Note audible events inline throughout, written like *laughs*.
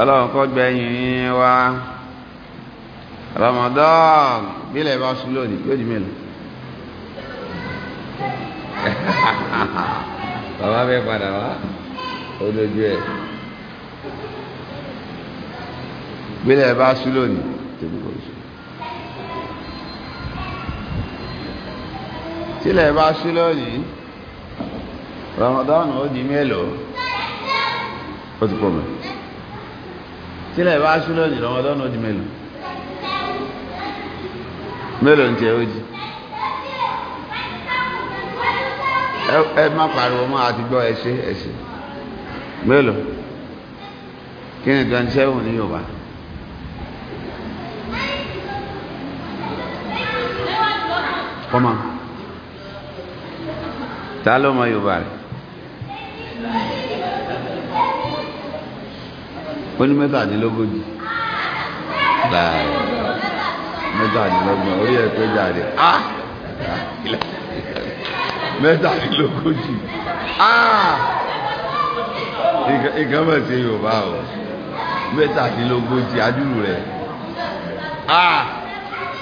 ọlọ́run kọ́ gbẹ̀yìn wa Ramadan bílẹ̀ bá sùn lónìí yóò di mélòó *laughs* bàbá bẹ padà wá ó dojú ẹ bílẹ̀ bá sùn lónìí tèmi kò tílẹ̀ bá sùn lónìí Ramadan ó di mélòó ó ti pọ̀ mẹ́rin sílẹ̀ bá ṣúná jù lọ́wọ́ lọ́nà ojì mélòó mélòó ń tẹ ojì ẹ má pariwo mọ́ àti gbọ́ ẹ̀ṣẹ́ ẹ̀ṣẹ́ mélòó kí ni twenty seven ní Yorùbá kọ́mọ ta ló mọ Yorùbá rẹ̀. ó ní mẹ́tàdínlógójì láàyè mẹ́tàdínlógójì orí ẹ̀ pé jáde á mẹ́tàdínlógójì á nǹkan mọ̀ sí yorùbá o mẹ́tàdínlógójì adúrú rẹ̀ á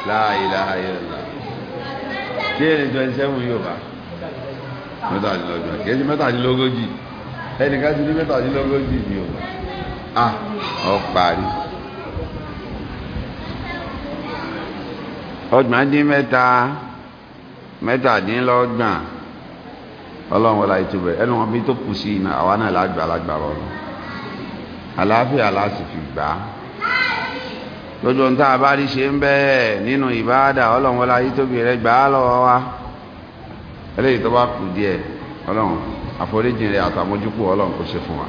láàyè láàyè ọ̀la tí ẹni twenty seven yorùbá mẹ́tàdínlógójì kì í ṣe mẹ́tàdínlógójì ẹnìkan ti ní mẹ́tàdínlógójì ni o. ah ọ parí ọgbọ̀n dín mẹ́ta mẹ́tàdínlọ́gbọ̀n ẹnu wọn bí tó kù sí iná àwa náà lágbà lágbà àlàáfíà láti fi gbà á lójú ohun tá a bá rí ṣe ń bẹ́ẹ̀ nínú ìbáàdà ọlọ́run wọlá wa tó bá kù díẹ̀ rẹ fún wa.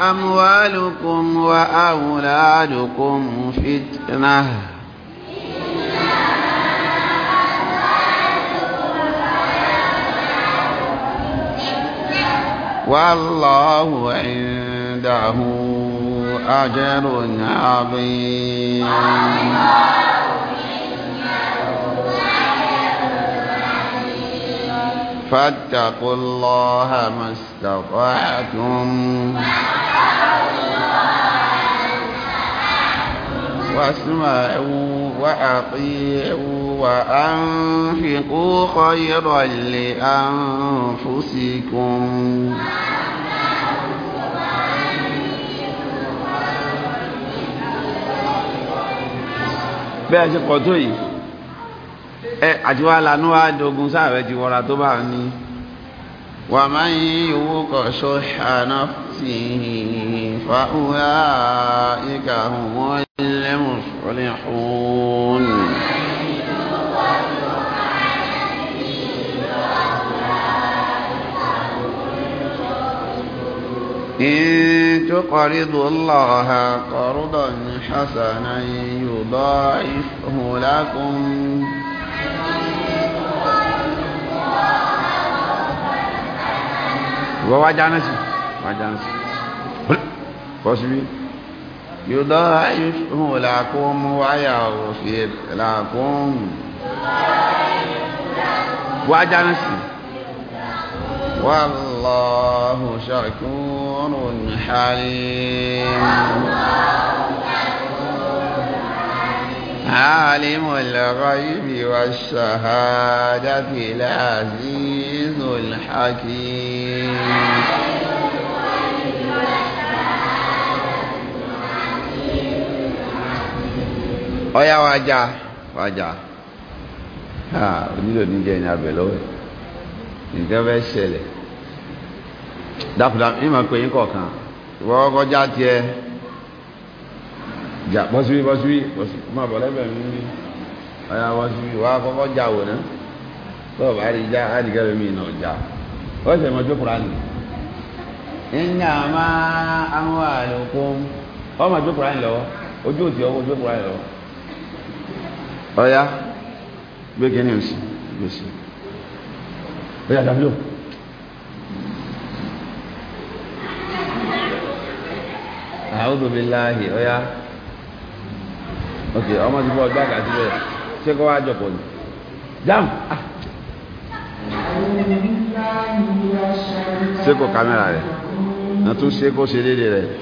أموالكم وأولادكم فتنة والله عنده أجر عظيم فاتقوا الله ما استطعتم واسمعوا وأطيعوا وأنفقوا خيرا لأنفسكم bẹ́ẹ̀ ṣe pọ̀ tó yìí ẹ àtiwá lanú àdógún sáà rẹ ti wọra tó bá ní. ومن يوق شح نفسه فأولئك هم المفلحون إن تقرضوا الله قرضا حسنا يضاعفه لكم ووعد على نفسه وعد على نفسه يضاعف لكم ويغفر لكم وعد على والله شكور حليم عالم الغيب والشهادة العزيز الحكيم ọyá wa waja wa onílò ní nǹkan ìmọ̀ pé yín kọ̀ọ̀kan wọ́n kọjá tiẹ̀ jà ó sì mọ́jú kùránì iná máa àwọn àlòkún ó mọ́jú kùránì lọ́wọ́ ojú òsì ọwọ́ ojú kùránì lọ́wọ́ ọ̀yá gbé kíní òsì gbèsè ọ̀yá dábílò àwùjọ mi láàyè ọ̀yá ok ọmọ ti bọ́ ọgbà kàtí bẹ́ẹ̀ ṣé kọ́ wá jọ̀pọ̀ ni jam ah ṣé kamera, kámẹ́rà rẹ̀ wọ́n tún ṣe kó ṣe déédéé rẹ̀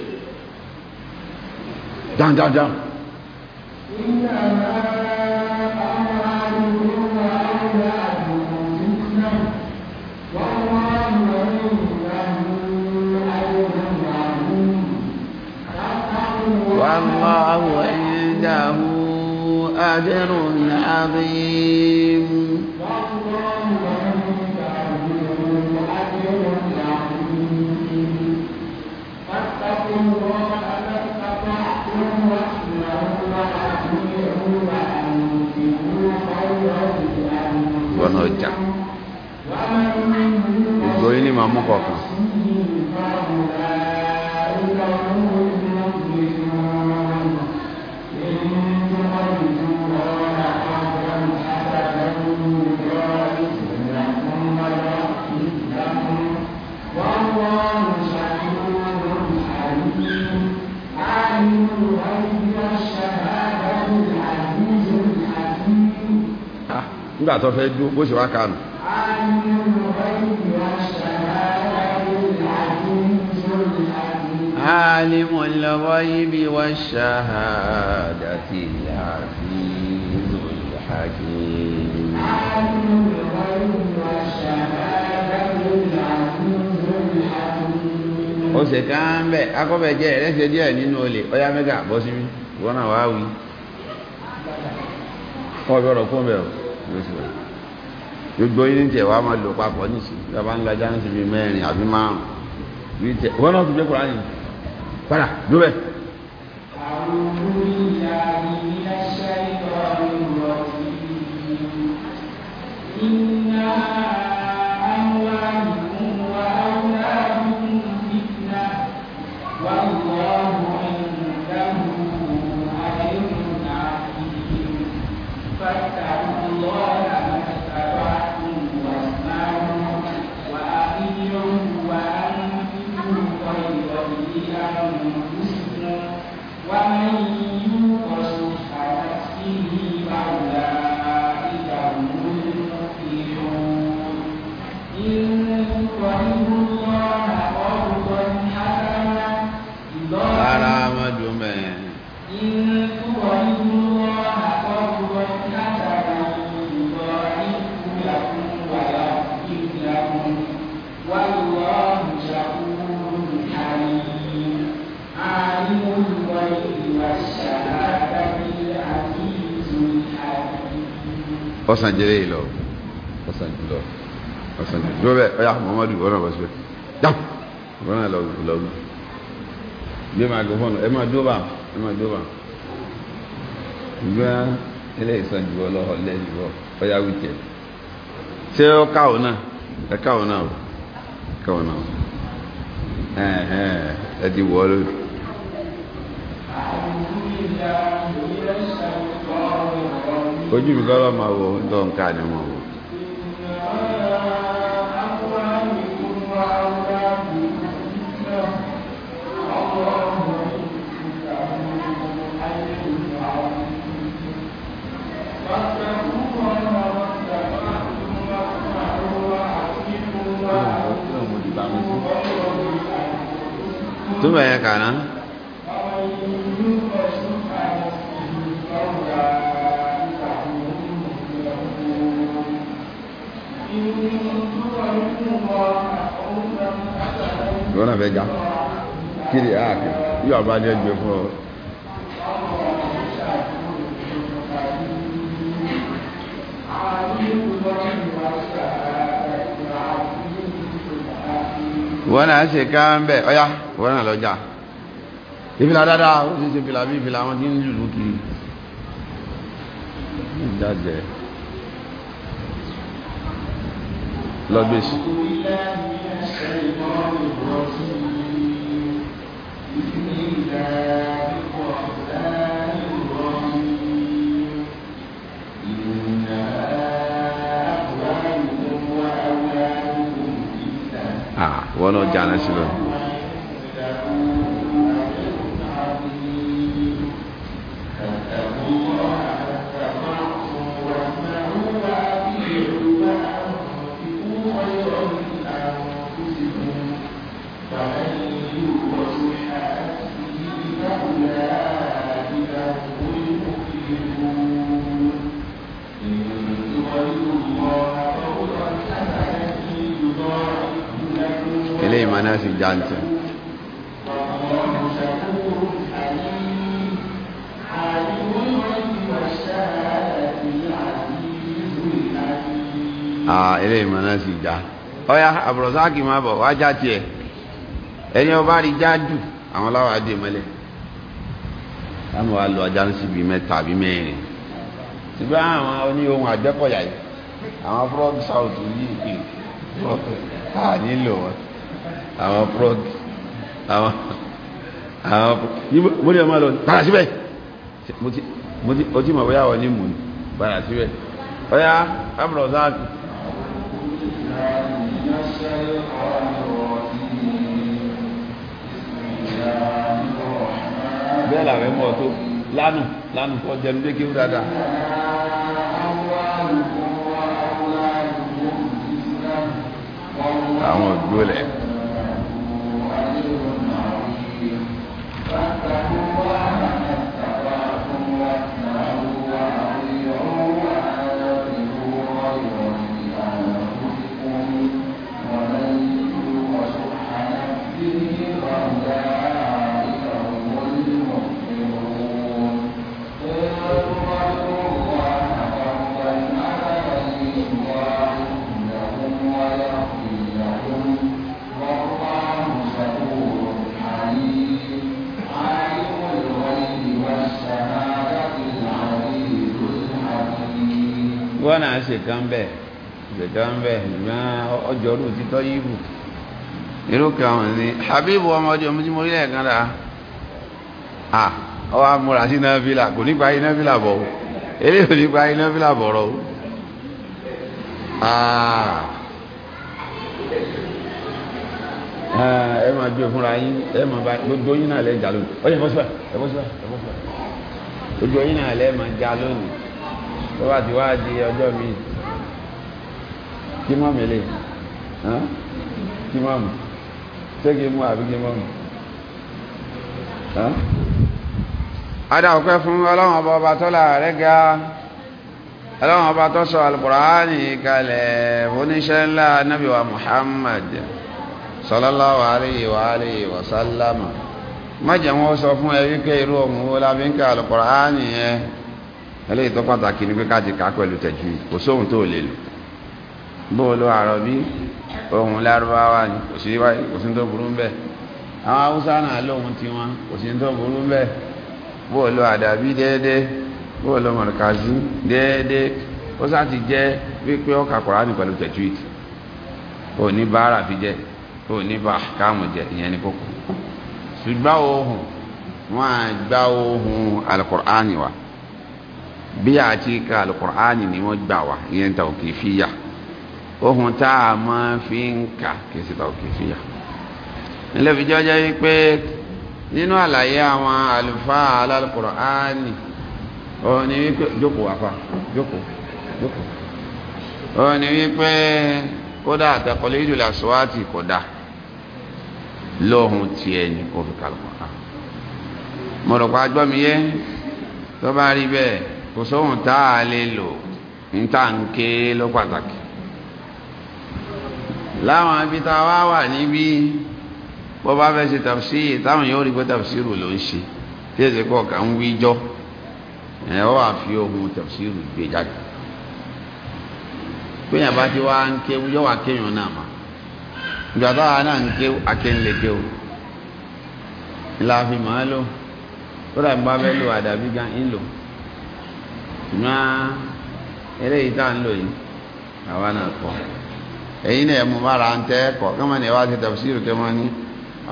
والله عنده أجر عظيم ìwọ náà jà gbogbo yín ní màá mú kọ̀ọ̀kan. nígbà tó fẹ́ dúró bó ṣe wá kánú. عالم الغيب والشهادة العزيز الحكيم ó ṣe ká ń bẹ akọ́bẹ̀jẹ́ ẹ̀rẹ́sẹ̀ díẹ̀ nínú olè ọya mẹ́gà bọ́ sí wọ́n náà wá wí kọ́ ọ̀bẹ̀ ọ̀rọ̀ kó mẹ́rọ̀ gbogbo yìí ní tẹ̀ wá máa lò papọ̀ nísìnyí bàbá ń lajá ní ti fi mẹ́rin àbí márùn-ún wọ́n náà ti gbé kúrò á nìyí padà lóbẹ̀. ọ̀sán jẹrẹ yìí lọ ọ̀sán jù lọ ọ̀sán jù lọ bẹ́ẹ̀ ọ̀yà Muhammadu ọ̀nà bọ̀ síbẹ̀ yá ọ̀nà lọ lọ wí. bí ẹ máa gbọ́ fọ́ọ̀nù ẹ máa dúró bá ẹ máa dúró bá ìgbà eléyìí sàn jù ọ lọ́wọ́ lẹ́yìn ṣé ọ náà ẹ náà káwọn náà ẹ ẹ ẹ wọ lórí. ojú mi kọ́lọ́ máa wò ń tọ́ ni wọ́n wò. túmọ̀ yẹn kà ìwọ náà fẹ́ ga kiri ah, ààkì yóò bá ní ẹgbẹ́ fún ọ wọ́n náà ṣe ká ń bẹ̀ ọ̀yá wọ́n náà lọ́jà ìfìlà dáadáa ó sì ṣe fìlà bí ìfìlà wọn tí ń lùlù kiri lọ́gbèsì. Ah, wọ́n náà jáná sí lọ́wọ́. náà sì já ń tẹ̀ ilé ìmọ̀ náà sì já ọya àbùrọ̀sáàkì máa bọ̀ wá já tiẹ̀ ẹni ọba rí já jù àwọn láwà dé mọ́lẹ̀ láwọn wa lọ ajá ń síbi mẹ́ta àbí mẹ́rin ṣùgbọ́n àwọn oní ohun àgbẹ́kọ̀yà yìí àwọn frog south yìí *laughs* nílò wọn àwọn frog àwọn àwọn mo ní ọmọ lọ padà síbẹ̀ mo ti mọ̀ bóyá wọ ní mò ní padà síbẹ̀ ọ̀yá abúlọ̀ sáàkì. bẹ́ẹ̀ làwọn ẹ̀mọ́ tó lánù lánù kọ́ jẹnu dé kéwú dáadáa. àwọn òdúró lẹ̀. Santa. gọ́nà ṣèkan bẹ́ẹ̀ ṣèkan bẹ́ẹ̀ ṣùgbọ́n ọjọ́rú títọ́ yíbù irú kan ní Habibu ọmọ ọjọ́ mú tí mo rí lẹ́ẹ̀kan dáa à ọwọ́ amúra sí náfìlà kò nípa ináfìlà bọ̀ o eré ò nípa ináfìlà bọ̀rọ̀ o ẹ máa gbé fúnra yín ẹ máa bá gbogbo yín náà lẹ́jà lónìí ọjọ́ ìfọ́síwá ìfọ́síwá ìfọ́síwá gbogbo yín náà lẹ́ máa já lónìí tó bá ti wá di ọjọ́ mi kí mọ́ mi lè kí mọ́ mi ṣé kí mú àbí kí mọ́ mi. adá ọpẹ́ fún ọlọ́run ọba ọba tọ́lá rẹ̀ ga ọlọ́run ọba tó sọ alukùránì kalẹ̀ oníṣẹ́ ńlá nábì wa Muhammad sallallahu alayhi wa alayhi wa sọ fún ẹ wípé irú ọmọ wo la yẹn eléyìí tó pàtàkì ni pé káàdì ká pẹ̀lú tẹ̀jú kò sóhun tó lè lò bó o lo àrọ̀ bí ohun lárúbáwá ni kò sí wáyé kò sí tó burú ń bẹ̀ àwọn haúsá náà lóhun ti wọn kò sí tó burú ń bẹ̀ bó o lo àdàbí déédéé bó o lo mọ̀lùkàzí déédéé ó sá ti jẹ́ wípé ọkà kọ̀ránì pẹ̀lú tẹ̀jú ìtì ò ní báárà fi jẹ́ ò ní bá káàmù jẹ ìyẹn ní kókó ṣùgbọ́n ohun wọn àgbá ohun alukọ̀ránì wa bí àti ka alukur'ani ni wọ́n gbà wá ìyẹn tawqifiya ohun tá a máa fi ń kà kì í sí tawqifiya nílẹ̀ fi jọ́jọ́ wípé nínú àlàyé àwọn àlùfáà alukur'ani òun ni wípé jókòó wàfà jókòó jókòó òun ni wípé kódà taqlidul aswati kódà lóhun tiẹ̀ ni kò fi kà alukur'ani mo rò pa agbọ́mi yé tó bá rí bẹ́ẹ̀ kò sóhun tá a lè lò ń tà ń ké ló pàtàkì láwọn ibi tá a wá wà níbí bó bá fẹ́ ṣe tafsiri táwọn yóò rí pé tafsiru ló ń ṣe tí èsì pọ̀ kà ń wíjọ́ ẹ̀ ọ́ àfi ohun tafsiru gbé jáde péyàn bá ti wá ń kéwú yọ́ wà kéyàn náà mà ìgbà táwa náà ń kéwú akéńlé kéwú ìlàfin màá lò ó dàbí bá fẹ́ lò àdàbí gan ń lò. ṣùgbọ́n eléyìí tá à ń lò yìí àwa náà kọ́ èyí náà mo bá ra ń tẹ́ kọ́ kí wọ́n ní wá sí tafsírù tó wọ́n ní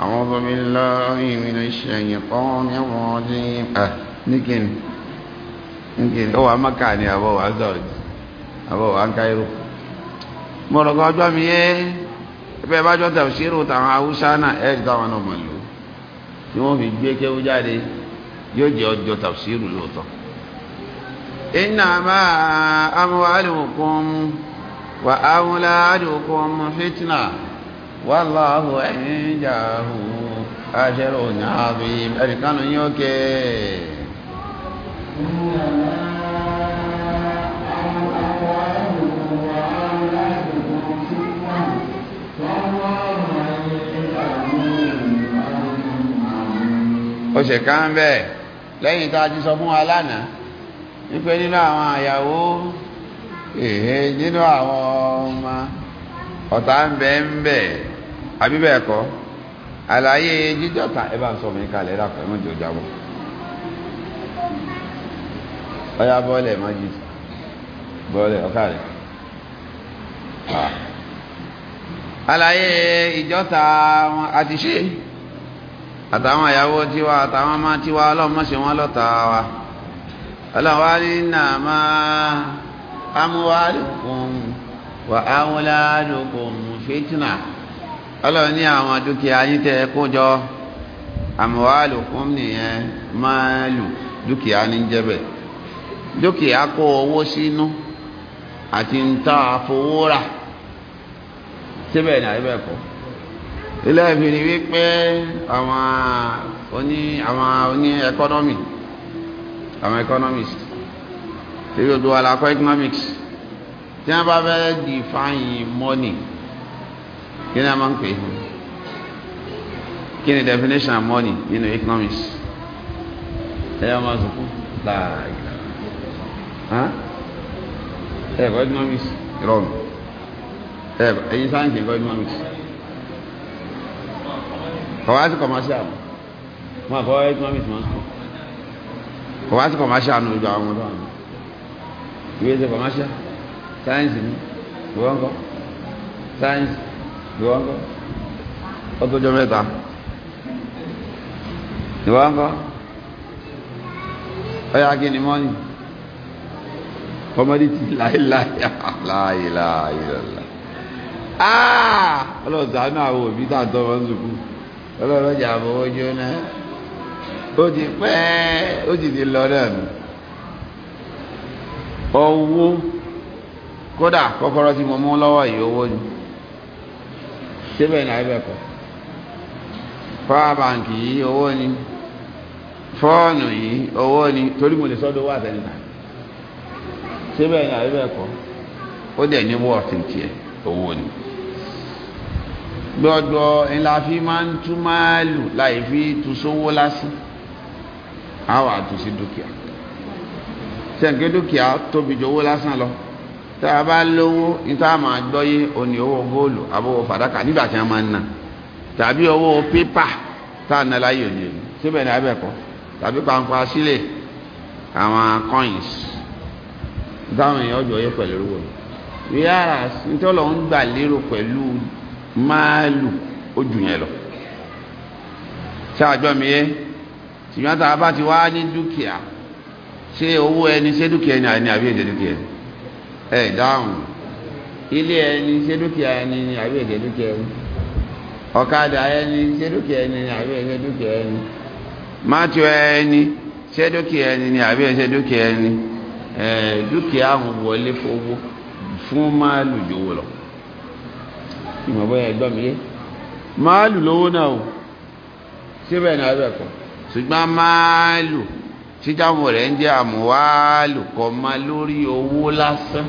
a'udhu billahi minash mi yé ẹgbẹ́ ìbájọ́ tafsírù na haúsá náà ẹ̀ẹ́dì fi gbé jáde yóò إنما أموالكم وأولادكم فتنة والله عنده أجر عظيم أركان يوكي ó ṣe ká ń bẹ́ẹ̀ lẹ́yìn tó a ti sọ fún wa lánàá wípé nínú àwọn àyàwó èhè nínú àwọn ọmọ ọ̀tá ń bẹ ń bẹ àbí bẹ́ẹ̀ kọ́ àlàyé jíjọ́ta ẹ bá ń sọ mi kalẹ̀ ẹ dàpọ̀ ẹ̀mọ́jọ jábọ̀ ọyá bọ́ọ̀lẹ̀ májì bọ́ọ̀lẹ̀ ọ̀ká rẹ̀ àlàyé ìjọ́ta àti ṣe àtàwọn àyàwó tiwa àtàwọn ọmọ tiwa ọlọ́mọ ṣe wọ́n lọ́ta wa. ọlọ́wà nínà máa amúwálùkùn wà áwúládùkùn fìtínà àwọn dúkìá yín tẹ́ kójọ amúwálùkùn nìyẹn máàlù dúkìá àti síbẹ̀ ní àyíbẹ̀ kọ́ ilé ìfìrí àwọn oní ẹkọ́nọ́mì àwọn economist torí odò wà lákọ́ economics tí wọ́n bá fẹ́ define money kí ni a máa ń pè é kí ni definition of money nínú economics ẹ yọ máa sùkú láàyè ẹ ẹ̀kọ́ economics rọrùn ẹ ẹ̀yin sáyẹ̀nsì ẹ̀kọ́ economics kọ̀wá sí commercial máa kọ́ economics máa kò wá sí commercial nù ojú àwọn ọmọdé wọn ìwé ṣe commercial sáyẹ́nsì ni ìwọ sáyẹ́nsì ìwọ ń mẹ́ta ìwọ ń kọ́ mọ́nì ọmọdé ti láìláì láìláì lọ́la ọlọ́sàn-án àwọn òbí tààtọ́ wọn sùkú ọlọ́rọ̀ àbọ̀wọ́jọ́ náà ó ti pẹ́ ó ti ti lọ náà nù owó kódà kọ́kọ́rọ́ tí mo mú lọ́wọ́ yìí owó ni síbẹ̀ náà ibẹ̀ kọ́ power bank yìí owó ni fọ́ọ̀nù yìí owó ni torí mo lè sọ́dọ̀ owó àtẹnudà síbẹ̀ náà ibẹ̀ ó dẹ̀ ní wọ́ọ̀tì tiẹ̀ owó ni gbọ́dọ̀ ńlá fi máa ń tú máàlù láì fi tu sówó lásán. a wà tù dúkìá sẹ́ǹkẹ́ dúkìá tóbi jù owó lásán lọ tá a bá lówó níta ma gbọ́yé òní owó góòlù abówó fàdákà nígbà tí wọ́n máa ń nà tàbí owó pépà tá a nà láyé òní òní síbẹ̀ ní abẹ́kọ̀ tàbí pàǹpà sílẹ̀ àwọn coins táwọn èèyàn yẹ pẹ̀lú owó ṣùgbọ́n tá a bá ti wá ní dúkìá ṣé owó ẹni ṣé dúkìá ẹni àìní àbí èdè dúkìá ẹ dáhùn ilé ẹni ṣé dúkìá ẹni ni àbí èdè dúkìá ẹni ọ̀kadà ẹni ṣé dúkìá ẹni ni àbí èdè dúkìá ẹni mátìọ ẹni ṣé dúkìá ẹni ni àbí èdè dúkìá ẹni dúkìá àwọn wọlé fowó fún máàlù jòwó lọ ìmọ̀ bóyá ẹgbọ́n mi yé máàlù lówó náà o síbẹ̀ ní abẹ́ẹ̀kọ́ ṣùgbọ́n máàlù tíjámù rẹ̀ ń jẹ́ àmúwáàlù kọ ma lórí owó lásán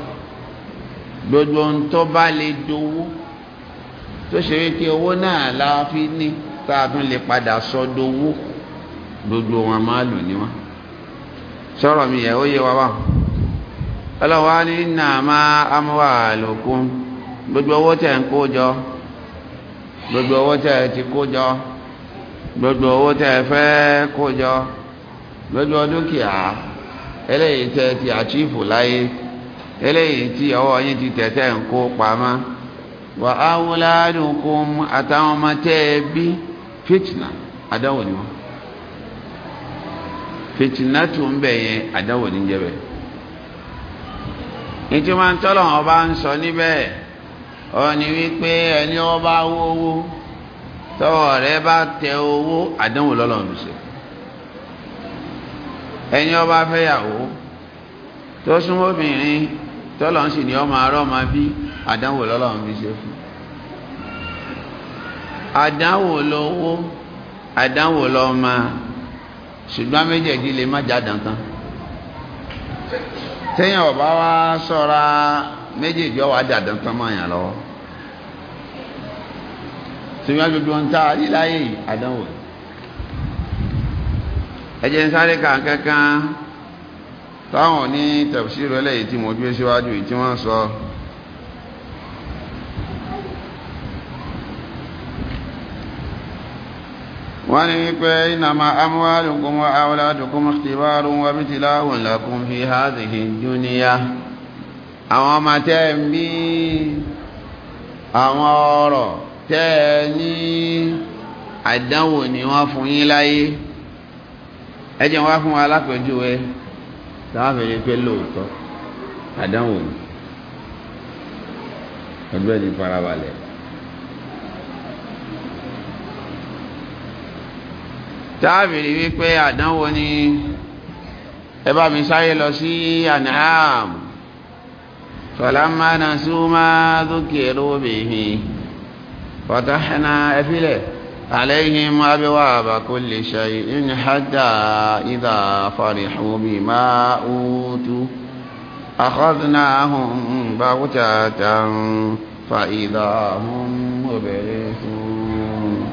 gbogbo ń tọ́ bá lè dowó tó ṣe wípé owó náà la fi ní tààtún lè padà sọdowó gbogbo wọn máàlù ni wọn sọ̀rọ̀ mi yẹ ó yé wa wá ọlọ́wọ́ á ní náà máa amúwáàlùkún gbogbo owó tẹ̀ ń kó jọ gbogbo owó tẹ̀ ti kó jọ. gbogbo owó tẹ́ ẹ kó jọ gbogbo dúkìá eléyìí tẹ ti àchífù láyé eléyìí tí ọwọ́ yín ti tẹtẹ ń kó wà á wúládùnkún àtàwọn ọmọ tẹ ẹ bí fitna àdáwò ni wọn fitna tó ń ọba ń sọ níbẹ̀ ọba tọ́wọ́ rẹ bá tẹ owó àdánwò lọ́lọ́run ẹni ọba fẹ́yàwó tó súnmọ́ obìnrin tọ́lọ́run sì ni ọmọ arọ́ ma bí àdánwò lọ́lọ́run fi ṣe fún àdánwò lọ́wọ́ àdánwò lọ́mọ ṣùgbọ́n méjèèjì lè má jádan tán téèyàn ọba wá méjèèjì tán lọ́wọ́ sèmi agbègbè wọn tá àrí láyé àdánwò ẹjẹ ń sáré kan kankan táwọn ní tafsir eléyìí tí mo gbé síwájú tí wọ́n sọ wọ́n ní wípé innama amwalukum wa awladukum ikhtibarun wa ibtila'un lakum fi hadhihi dunya àwọn ọmọ tẹ́ ń bí àwọn ọ̀rọ̀ tẹ́ ẹ ní àdánwò ni wọ́n fún yín láyé ẹ wá fún wa ẹ táwọn fèrè pé lóòótọ́ àdánwò ni ọdún ẹni farabalẹ̀. táàbìrì wípé àdánwò ni ẹ bá mi sáré lọ sí ànáàmù sọ̀lámánà súnmọ́ dúkìá lóbìnrin. فتحنا أفله عليهم أبواب كل شيء حتى إذا فرحوا بما أوتوا أخذناهم بغتة فإذا هم مبلسون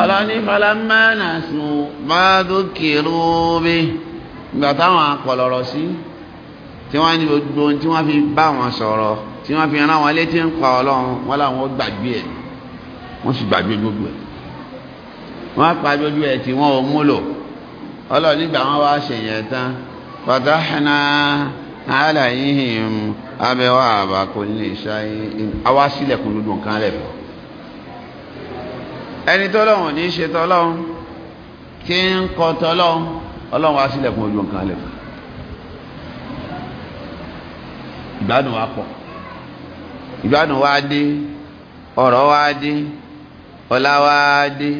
ọlọ́ni falamma nasu ma dhukiru bi ìgbà táwọn akọ̀lọ̀rọ̀ sí tí wọ́n ní gbogbo tí wọ́n fi bá wọn sọ̀rọ̀ tí wọ́n fi rán wọn létí ń pa ọlọ́run wọn làwọn gbàgbé ẹ̀ wọ́n sì gbàgbé gbogbo ẹ̀ wọ́n pa gbogbo ẹ̀ tí wọ́n ò múlò ọlọ́run ẹni tó lọ́wọ́n ní ṣe tọ́lọ́wọ́n tí ń kọ sílẹ̀kùn wa pọ̀ ìgbádùn wa dé ọ̀rọ̀ wa dé ọ̀la wa dé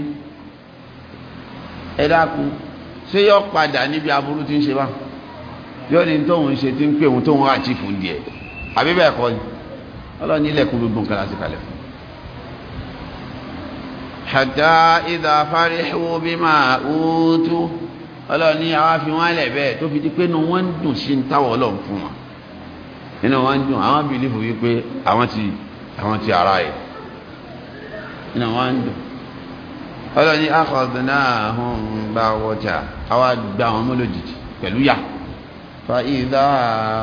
ẹ dákun ṣé yọ padà níbi aburú ti ń ṣe bá yóò tóun ṣe ti ń pè òun tóun àti fún díẹ̀ àbí bẹ́ẹ̀ kọ́ ni hatta إذا farihu bima utu ọlọ́run ní àwọn afi wọn lẹ̀ bẹ́ẹ̀ tó fi di pé inú wọn ń dùn sí ń táwọ̀ ọlọ́run fún wọn inú wọn ń dùn àwọn bìlífù wípé àwọn ti àwọn ti ara ẹ̀ inú wọn ń dùn ọlọ́run ní akhadnahum baghta àwa gba àwọn ọmọ pẹ̀lú yà fa idha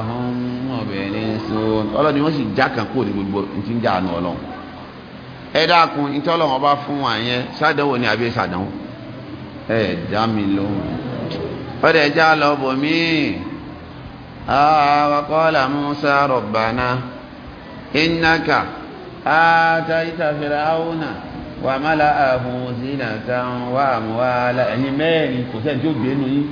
hum mublisuna ọlọ́run ni wọ́n sì já kan kúrò ní gbogbo ní ti ń jà àánú ọlọ́run ẹ dákun ìtọ́lọ́wọ́n bá fún wa yẹn ni àbí sàdánwò ẹ dá mi lóhùn ọdẹ já lọ bò mí wakọọla Musa rọ̀bàná ìnáka àtàyíta fìràwùnà wà mọ́lá ààbò zínà tán wà mọ́wàá ẹ̀yìn mẹ́rin kò sẹ́ni tí gbé yín.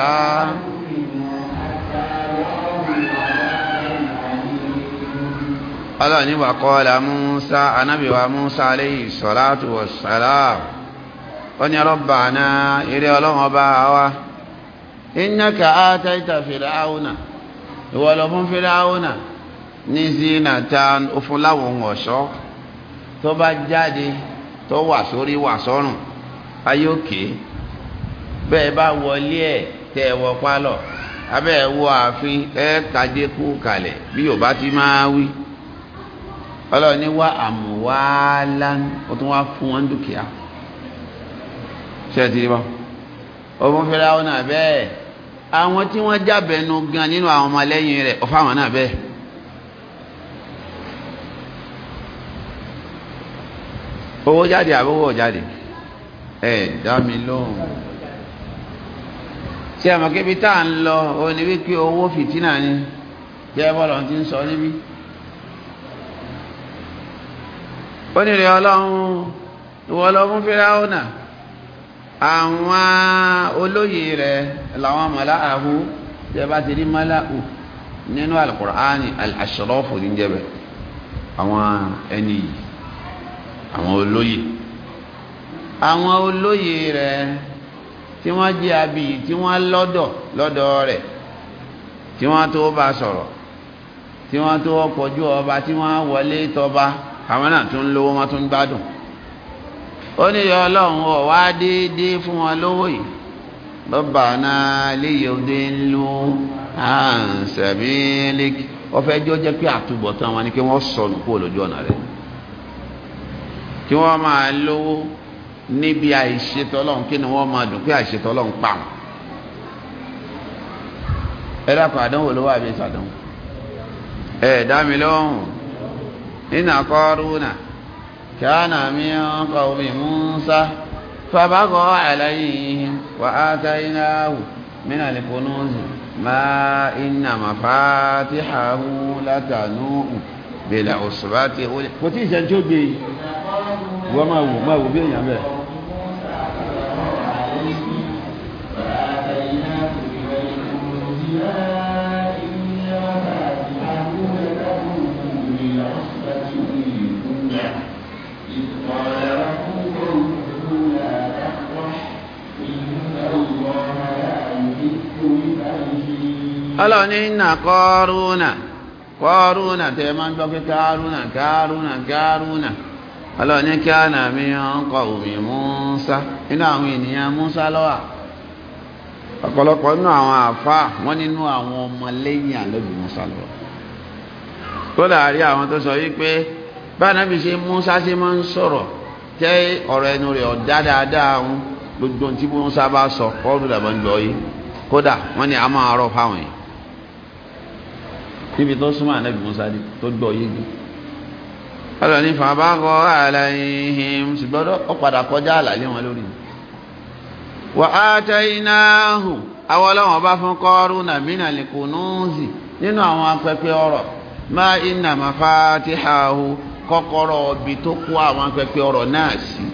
لا ọlọ́run ní wàkọ́ọ̀lá musa anábìwá musa aléyìí sọ́látù wọ̀sálà ó ní ọlọ́bà náà eré ọlọ́run ọba wa inyaka ataita fìdáhùnà ìwọ lọ fún fìdáhùnà ní zinata òfun láwọn ọ̀ṣọ́ tó bá jáde tó wà sórí wà sọ́rùn ayókè bẹ́ẹ̀ bá wọlé ẹ̀ tẹ ẹ wọ pálọ̀ abẹ́ ẹ wọ ààfin ẹ kàdé kú kalẹ̀ bí yorùbá ti máa wí ọlọ́run ní wá àmúwáálá ó tún wá fún wọn dúkìá ṣé ẹ ti rí bá ọmọ fẹ́ra wọn náà bẹ́ẹ̀ àwọn tí wọ́n jábẹ̀nu gan nínú àwọn ọmọlẹ́yìn rẹ. ọ̀fà wọn náà bẹ́ẹ̀ owó jáde àbówó jáde ẹ̀ dá mi lóhùn. tí a mọ̀ kébi tá à ń lọ òní wípé owó fìtínà ni jẹ́ bọ́lọ̀ ti ń sọ níbí ó ní rẹ̀ ọlọ́run ìwọ lọ fún fíráúnà àwọn olóyè rẹ̀ làwọn mọ̀lá àhú tí a bá ti rí mọ́lá ù nínú alkùránì al ní jẹ́bẹ̀ àwọn ẹni yìí àwọn olóyè àwọn olóyè rẹ̀ tí wọ́n jẹ́ abiyì tí wọ́n lọ́dọ̀ lọ́dọ̀ rẹ̀ tí wọ́n tó bá sọ̀rọ̀ tí wọ́n tó kọjú ọba tí wọ́n wọlé tọba àwọn náà tún lówó wọn tún gbádùn ó ní yọ ọlọ́run ọ̀ wá déédéé fún wọn lówó yìí lọ́bàánà léyòdé ńlú àǹsẹ̀bílík ọfẹ́ jọ jẹ́ pé àtúbọ̀tán wọn ni kí wọ́n sọnù kúrò lójú ọ̀nà rẹ̀ kí wọ́n máa lówó níbi àìṣètò kí ni wọ́n máa dùn pé àìṣètò ọlọ́run pa wọn. ẹ dákun àdánwò ló wà bí sàdánwò. ẹ dá mi lóhùn nínú akọ́rùnà kíánà mi ń kọ́ omi Musa fàbákọ́ àlàyé wà á ta iná wù mí nà lè ponú sí máa iná kò tí wọ́n máa wò máa wò bí èèyàn bẹ́ẹ̀. ọlọ́ni nà kọ́rùnà kọ́rùnà tẹ́ máa ń gbọ́ pé kárùnà kárùnà kárùnà ọlọ́ọ̀ni kí á nà mí ọkọ̀ omi Musa inú àwọn ènìyàn Musa lọ́wà ọ̀pọ̀lọpọ̀ inú àwọn àfá wọ́n nínú àwọn ọmọ lẹ́yìn àlọ́bì Musa lọ́wà tó láàrí àwọn tó sọ wípé bánábì ṣe Musa ṣe máa ń sọ̀rọ̀ jẹ́ ọ̀rọ̀ ẹnu rẹ̀ ọ̀dá dáadáa wọn gbogbo tí Musa bá sọ ọ̀rùn dàbọ̀ ń lọ yìí kódà wọ́n ní a máa rọ̀ fáwọn yìí níbi tó súnmọ́ àlọ́bì Musa yìí ọlọ́ni bụrụ aláìhìm ṣùgbọ́n ọ̀padà kọjá àlàlé wọn lórí wà á tẹ́ iná hù àwọn bá fún kọ́rù nà mínà lìkùnúùsì nínú àwọn apẹpẹ ọ̀rọ̀ má iná mafatihahu kọ́kọ́rọ́ ọbì tó kó àwọn apẹpẹ ọ̀rọ̀ náà sí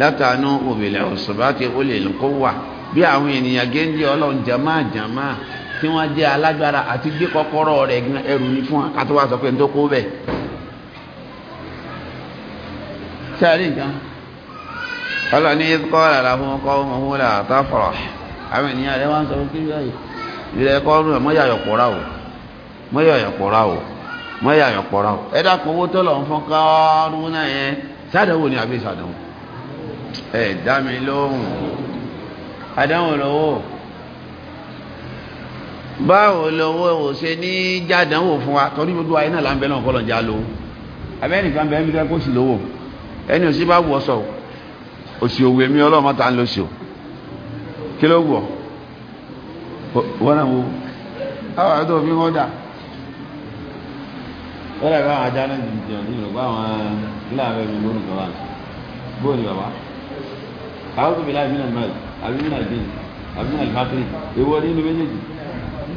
látàánú òbílẹ̀ kó wà bí àwọn ènìyàn géńdé ọlọ́run tí wọ́n jẹ́ alágbára àti gbé rẹ̀ ẹrù ní fún sọ pé tó kó bẹ́ẹ̀ sẹ́rí nǹkan ọlọ́ ní kọ́ lára fún ọkọ̀ ọmọ là táfọ̀rọ̀ àwọn ènìyàn rẹ̀ wọ́n sọ fún kí báyìí ilẹ̀ ẹ̀kọ́ ọdún ẹ̀ mọ́yà yọ̀pọ̀ra o mọ́yà yọ̀pọ̀ra o mọ́yà yọ̀pọ̀ra o ẹ dákun owó tọ́lọ̀ ń fọ́n kọ́ọ́rùn náà yẹn sádẹ̀wò ni àbí sádẹ̀wò ẹ dá mi lóhùn àdánwò lọ́wọ́ báwo lọ́wọ́ ò ṣe ní jádánwò fún wa torí gbogbo ayé náà là ń bẹ náà kọ́ lọ́njà lówó abẹ́nìkan bẹ́ẹ̀ mi kẹ́ kó sì lówó ẹni òsì bá wù ọ sọ òsì òwú èmi ọlọ́run mọ́ta ń lọ sí o kí ló wù ọ wọ́n náà wò àwọn àdó òfin wọ́n dà wọ́n dàgbà àwọn ajá náà jìnnìjì ọ̀dún ìlú bá àwọn ilé àwọn ẹ̀mí lónìí kan wà ní bóyá ni bàbá àwọn tó fi láì mílíọ̀nù mẹ́rin àbí mílíọ̀nù dín àbí mílíọ̀nù fákìrì ewu ọdún inú méjèèjì.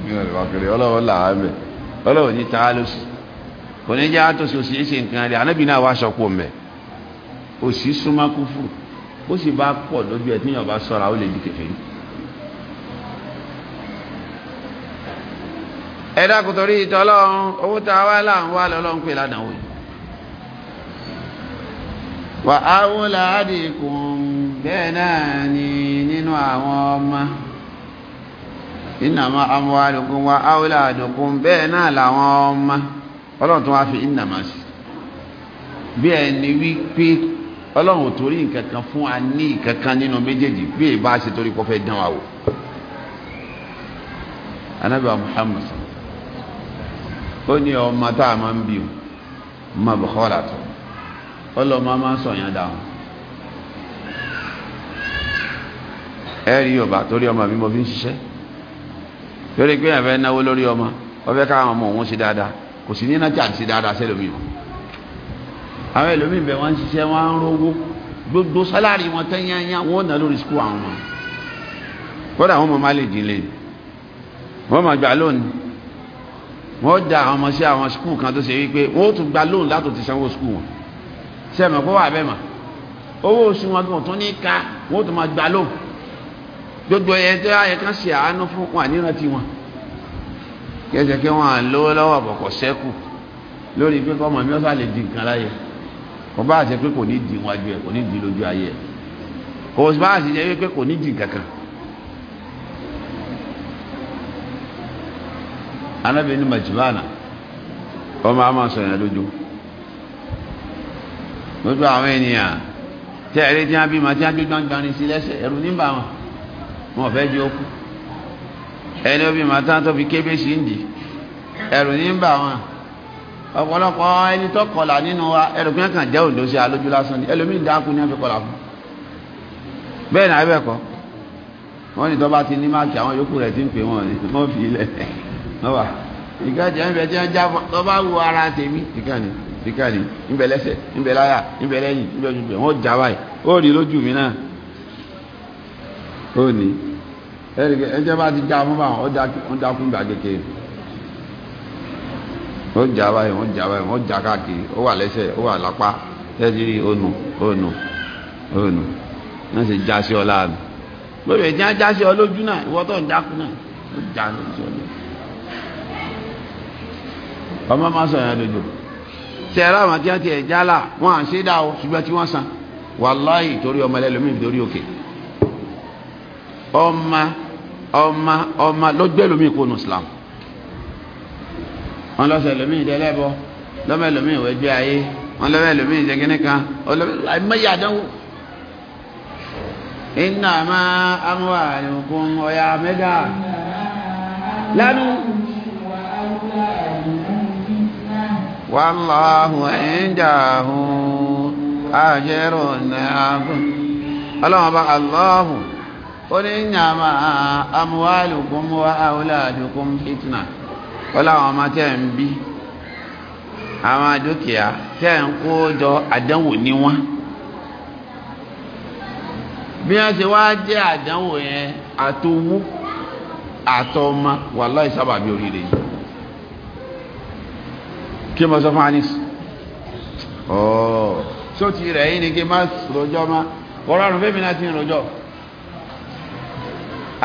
mílíọ̀nù fákìrì ọlọ́run là á mẹ́ ọlọ́run ní tá kò ní jẹ́ àtọ́sí òsì òsì súnmọ́ kúfùrù bó sì bá pọ̀ lójú ẹ̀ tíyàn bá sọ́ra ó lè di kèfèrí. ẹ dákun torí ìtọ́lọ́run owó tá a wá là ń wá lọ́lọ́run pè ládàáwò yìí. wà á wó làádìkùn bẹ́ẹ̀ náà ni nínú àwọn ọmọ ìnàmà amúhálùkún wa áwòlà àdùnkún bẹ́ẹ̀ náà làwọn ọmọ ọlọ́run tó wá fi ìnàmà sí bí ẹni wí pé ọlọ́run ò torí nǹkan kan fún a ní nǹkan kan nínú méjèèjì bí èyí bá ṣe torí kó fẹ́ dán wa wò anabi wa muhammad ó ní ọmọ tá a máa ń bí o máa bọ̀ kọ́ra tó ọlọ́mọ a máa ń sọ̀yàn dáhùn ẹ rí yorùbá torí ọmọ mi mo fi ń ṣiṣẹ́ torí pé ẹ̀fẹ́ náwó lórí ọmọ ọfẹ́ káwọn ọmọ òun ṣe dáadáa kò sí ní náà jà sí dáadáa sẹ́lómi o àwọn ẹlòmíì bẹ̀ wọ́n ń ṣiṣẹ́ wọ́n ń rówó gbogbo sálárì wọn tán yányá wọ́n nà lórí skul àwọn ọmọ kódà àwọn ọmọ má lè dín lé wọ́n máa gbà lónìí wọ́n da àwọn ọmọ sí àwọn skul kan tó ṣe wípé wọ́n tún gba lónìí látò ti sanwó skul wọn sẹ́mi kó wà bẹ́ẹ̀ mà owó oṣù wọn gan tún ní ká wọ́n tún máa gbà lónìí gbogbo ẹ̀yẹ tó yẹ kán ṣe àánú fún wọn nírántí wọn kí kí wọ́n lówó lọ́wọ́ àbọ̀kọ̀ sẹ́kù lórí pé kọ́mọ mi ó sà lè di nǹkan láyé kò bá àṣẹ pé kò ní di iwájú ẹ kò ní di lójú ayé ẹ kò bá àṣẹ jẹ pé kò ní di kankan. majibana ọmọ àmà sọ yẹn lójú lójú àwọn ènìyàn tẹ ẹrí tí ma wọn ma tó fi kébé sí ń di ọ̀pọ̀lọpọ̀ ẹni tó kọlà nínú wa ẹlòmíì kan jẹ́ òǹdó sí alójú lásán ni ẹlòmíì dákú ní ẹ̀fẹ́ kọlà fún bẹ́ẹ̀ náà ẹ̀bẹ̀ kọ́ wọ́n ní tó bá ti ní máàkì àwọn yòókù rẹ̀ ti ń pè wọ́n ni wọ́n fi ilẹ̀ lọ́wà ìkàjẹ́ ńbẹ tí wọ́n já tó bá wo ara tèmi ìkànnì ìkànnì ńbẹ lẹ́sẹ̀ ńbẹ láyà ńbẹ lẹ́yìn ńbẹ ojú bẹ̀ wọ́n já báyìí ó rí lójú mi wọ́n jà báyìí wọ́n jà báyìí wọ́n jà káàkiri ó wà lẹ́sẹ̀ ó wà lápá tẹ́sírí ònù ònù ònù wọ́n sì já sí ọ láàánú lórí ẹ̀jẹ̀ ajá sí ọ lójú náà ìwọ tó ń dákú náà ó já lójú ọ lójú ọmọ máa sọ ìyá lójú tẹ̀rọ àwọn tí wọ́n ti ẹ̀já là wọ́n à ń ṣe dá o ṣùgbọ́n tí wọ́n san wàláì torí ọmọ ẹlẹ́lómìn torí òkè ọmọ ọmọ ọmọ ló gbé Islam wọn lọ́sọ̀ ẹlòmíì dẹ́lẹ́bọ lọ́mọ ẹlòmíì wọ́n jẹ́ ayé wọn lọ́mọ ẹlòmíì jẹ́ kíní kan àìmọye àdánwò. iná máa amúwà àyùnkún ọ̀yà mẹ́gà lánàá. wàláhù ẹ̀ńdàhù àjẹrò nàágùn. ọlọ́run ọba aláhù ó ní ìyàmà amúwà àlùkùn wa àwùlà àdùkùn fitna wọ́n láwọn ọmọ tẹ́ ń bí àwọn dúkìá tẹ́ ń kó jọ àdánwò ní wọ́n bí wọ́n ṣe wá jẹ́ àdánwò yẹn àtowó àtọmọ wàláhì sábàbí oríire yìí kí mo sọ fún anis ọ̀ọ́ rẹ̀ yìí ni kí má rojọ́ má ọlọ́run fẹ́mi náà ti ń rojọ́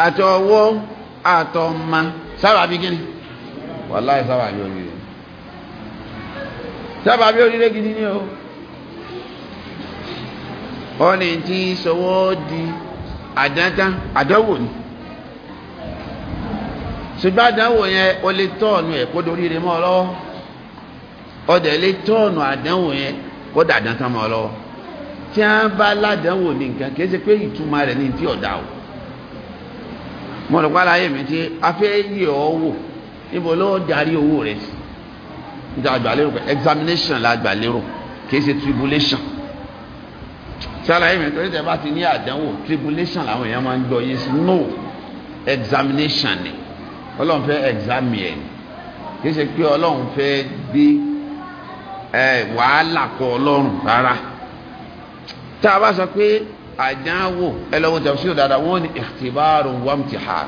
àtọwọ́ àtọmọ sábàbí kí ni wàláì sábà bí oríire sábà bí oríire gidi ni o wọ́n ní tí sọwọ́ di àdáńtá àdánwò ni ṣùgbọ́n àdánwò yẹn o lè tọ́ọ̀nù ẹ̀ kó dorí rẹ mọ́ ọ lọ́wọ́ ọdẹ lè tọ́ọ̀nù àdánwò yẹn kó dàdáńtá mọ́ ọ lọ́wọ́ tí a bá ládánwò ní nǹkan kìí ṣe pé ìtumọ̀ rẹ̀ ní ti ọ̀dà o mo rò pàlàyé mi tí a fẹ́ yẹ̀ ọ́ wò níbo ló darí owó rẹ sí níta àgbàlérò pé examination la àgbàlérò kìí ṣe tribulation sálàyé mi torí tẹ bá ti ní àdánwò tribulation làwọn èèyàn máa ń gbọ́ yé sí no examination ni ọlọ́run fẹ́ examine ẹ̀ kìí ṣe pé ọlọ́run fẹ́ gbé ẹ wàhálà kọ ọlọ́run rárá tá a bá sọ pé àdánwò ẹ lọ́wọ́ tẹ̀síọ̀ dáadáa wọ́n ní ìtìbárò wàmtìhà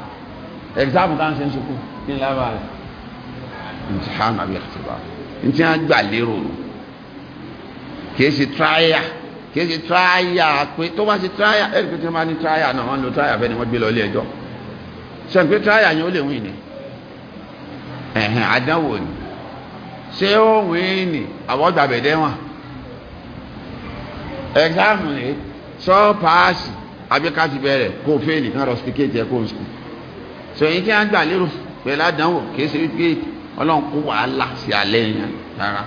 exam tá à ń ṣe ń sọkún kí ni lábàá rẹ̀. imtihan àbí ikhtibar ntí wọn gbà lérò nù kìí ṣe tíráyà kìí ṣe tíráyà pé tó bá ṣe tíráyà ẹ̀rí pé tí wọ́n bá ní tíráyà náà wọ́n ń lo tíráyà fẹ́ni wọ́n gbé lọ ilé ẹjọ́ ṣe pé tíráyà yẹn ó lè wín ni ẹ̀hìn àdánwò ni ṣé ó wín ni àwọ̀dà bẹ̀dẹ̀ wọn ẹ̀gáàmù rẹ̀ sọ paasi àbíkájú bẹ̀rẹ̀ kó fẹ́ẹ̀lì kan rọ̀ spíkéètì ẹ̀kọ́ skul ṣèyí kí wọ́n gbà lérò fún pẹ̀lú àdánwò kìí ṣe wípé ọlọ́run kó wàhálà sí alẹ́ yẹn rárá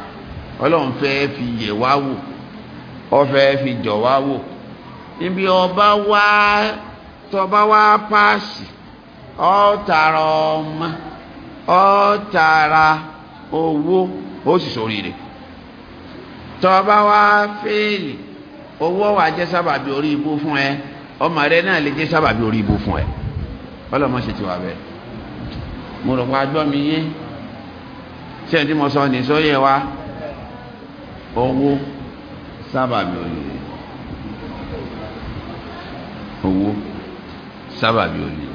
ọlọ́run fẹ́ fi yẹ wá wò ọ fẹ́ fi jọ wá wò níbi ọba wá tọba wá páàsì ọ tààrà ọmọ ọ tààrà owó ó sì sórí rẹ̀ tọba wá fèèlì owó wà jẹ́ sábàbí orí ibú fún ẹ ọmọ rẹ náà lè jẹ́ sábàbí orí ibú fún ẹ ọlọ́mọ ṣe ti wà bẹ́ẹ̀. mo rò pa gbọ́ mi yé ṣé ẹni tí mo sọ ní sóyè wa owó sábàbí olè owó sábàbí olè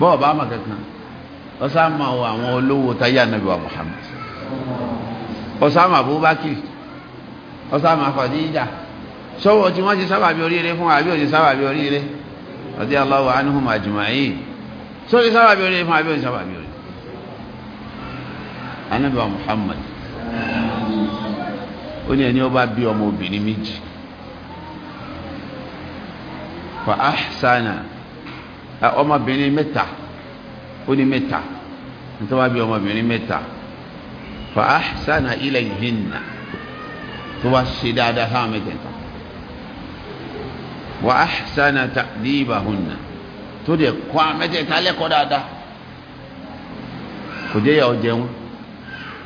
bọ́ọ̀ bá mọ̀ kankan ọ̀sán máa wọ àwọn olówó táyà nàbí wa Muhammad ọ̀sán máa Abubakar ọ̀sán máa Khadija sọ́wọ́ wọ́n ti fún sórí sábàbí orí fún abẹ́ sábàbí orí anábà Muhammad ó ní ẹni ọba bí ọmọ obìnrin méjì fa ahsana ọmọbìnrin mẹ́ta ó ní mẹ́ta nítorí wá bí ọmọbìnrin mẹ́ta fa ahsana ilayhinna tó wá ṣe dáadáa sáwọn mẹ́tẹ̀ẹ̀ta wa ahsana ta'dibahunna tó dẹ̀ kọ́ amẹ́tẹ̀ẹ̀ta lẹ́kọ̀ọ́ dáadáa kò jẹ́ ìyàwó jẹun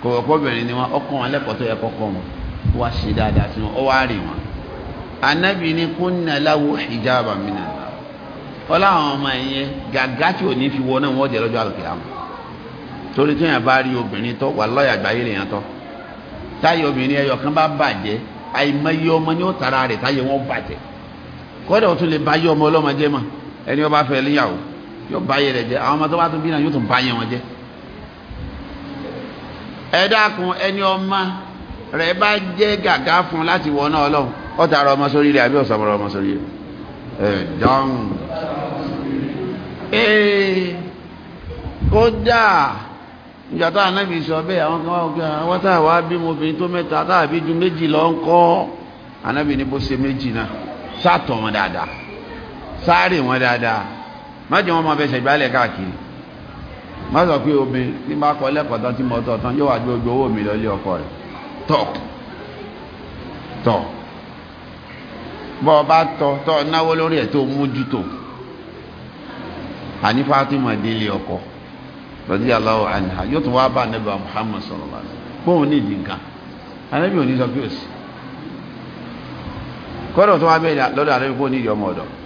kò wọ́pọ̀ ni wọn ọkọ̀ wọn lẹ́kọ̀ọ́ tó yẹ kọ́kọ́ wọn wá ṣe dáadáa sí wọn ọ wá rìn wọn. anábì ní kúnnà láwo ìjábà mìíràn ọláwọn ọmọ gàgá tí ò ní fi wọ náà wọ́n jẹ lọ́jọ́ àlùkè àmọ́ torí tí yẹn bá rí obìnrin tó wà lọ́yà àgbáyé obìnrin ẹyọ kan bá bàjẹ́ ọmọ ni ó tara ẹni ọba fẹ́ léyàwó yóò báyé rẹ̀ jẹ́ àwọn ọmọ tó bá tún bí náà yóò tún báyé wọn jẹ́ ẹ dákun ẹni ọmọ rẹ̀ bá jẹ́ gàgá fún láti wọ náà ọlọ́run ó tààrà ọmọ sórí rẹ̀ àbí ọ̀sàmọ̀rọ̀ ọmọ sórí rẹ̀ ẹ̀ dáhùn ee kódà ìjàtà anábì sọ bẹ́ẹ̀ àwọn kan wá ọgbà wọ́n tàà wá bí mo obìnrin tó mẹ́ta tàà bí ju méjì lọ ń kọ́ anábì ní bó ṣe méjì náà sátọ̀ wọn dáadáa sáré wọn dáadáa má jẹ́ wọn máa fẹ́ ṣẹ̀gbálẹ̀ káàkiri má sọ pé obìnrin tí bá kọ lẹ́kọ̀ọ́ tán tí mo tọ̀ tán yóò wá gbé ojú owó mi lọlé ọkọ rẹ̀ tọ̀ tọ̀ bọ́ ọ bá tọ̀ tọ̀ náwó lórí ẹ̀ tó mójútó àní Fatima délé ọkọ radiyallahu anha yóò tún wá bá nẹ́bà Muhammad sallallahu alaihi wasallam pọ́ùn ní ìdí nǹkan anábì ò ní sọ pé òsì kọ́dọ̀ tó wá bẹ́ẹ̀ lọ́dọ̀ anábì pọ́ùn ní ìdí ọmọ ọ̀dọ̀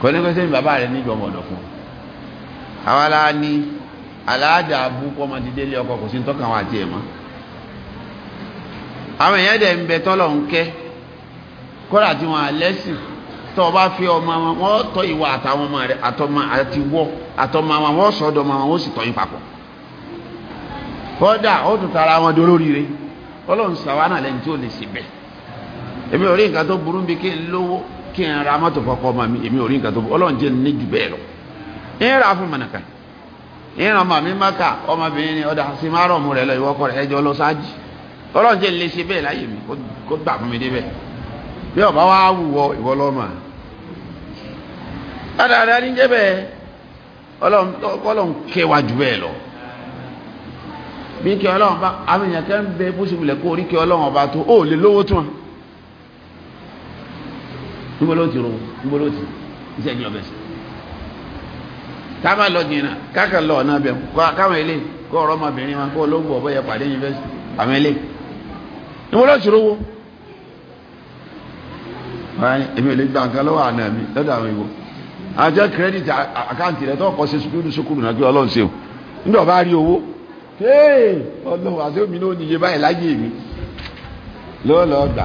kọ́lẹ́kọ́sẹ́ mi bàbá rẹ̀ níjọ ọmọdọ̀ fún àwọn aláà ní aláàjà abú kọ́mọ ti délé ọkọ kò sí tọ́kàn wọn àti ẹ̀ àwọn èèyàn dẹ̀ ń bẹ tọ́lọ̀ ń kẹ́ kọ́lá tí wọn àlẹ́sìn ọ bá fi ọmọ wọn wọ́n tọ́ ìwà àtàwọn ọmọ rẹ̀ àtọmọ àti wọ́ àtọmọ wọn wọ́n sọ́dọ̀ ọmọ wọn ó sì tọ́yìn papọ̀ kọ́dà ó tún tara wọn ọlọ́run sàwánà lẹ́yìn tí lè sì bẹ̀ èmi ò rí nǹkan tó burú bí kí n lówó kí n ra mọ́tò mi èmi ò nǹkan tó bọ́ ọlọ́run ní jù bẹ́ẹ̀ lọ fún mọ̀nàkà maka ọmọbìnrin ọ̀dà sí máa rọ̀ mú rẹ lọ ìwọ́kọ rẹ ẹjọ́ lọ sáájì lè ṣe bẹ́ẹ̀ láyé mi kó gbà fún mi débẹ̀ bí ọba wa ìwọ lọ́mọ ní kẹwàá jù bẹ́ẹ̀ lọ bí kí bá níbo ló ti rún níbo ló ti iṣẹ́ ìjọba bẹ̀ sí. ká má lọ jìnnà káàkiri lọ ọ̀nà bẹ̀ káwọn ilé kó ọ̀rọ̀ ọmọbìnrin wọn kó olóńgbò ọ̀bọ yẹ pàdé yunifásitì àwọn ilé níbo ló ti rówó. èmi ò lè gba nǹkan lọ́wọ́ àná mi lọ́dọ̀ àwọn ìwò àjọ kírẹ́dìtì àkáǹtì rẹ̀ tó kọ́ sí sukúrú sukúrú náà kí ọlọ́run ṣe o nígbà bá rí owó ọlọ́run àti omi náà níye báyìí láyé mi lọ́ọ́ lọ́ọ́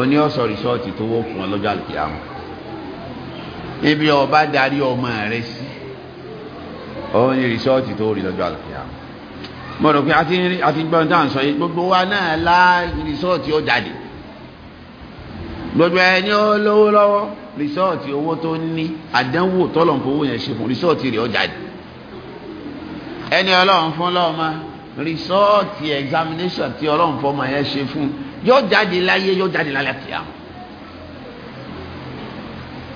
oní ọ̀sọ̀ rìsọ́ọ̀tì tó wó fún ọlọ́jọ́ àlùkìyàmù ibi ọba darí ọmọ rẹ sí òun ni rìsọ́ọ̀tì tó rí lọ́jọ́ àlùkìyàmù mo rò pé a ti gbọ́n dáhùn sọ yìí gbogbo wa náà lá rìsọ́ọ̀tì ó jáde gbogbo ẹni ó lówó lọ́wọ́ rìsọ́ọ̀tì owó tó ní àdánwò tọ́lọ̀ fowó yẹn ṣe fún rìsọ́ọ̀tì rẹ̀ ó jáde ẹni ọlọ́run fún lọ́ọ̀ma rìsọ́ọ̀tì examination tí ọlọ́run fọmọ yẹn ṣe fún yóò jáde láyé yóò jáde lálẹ́ kìá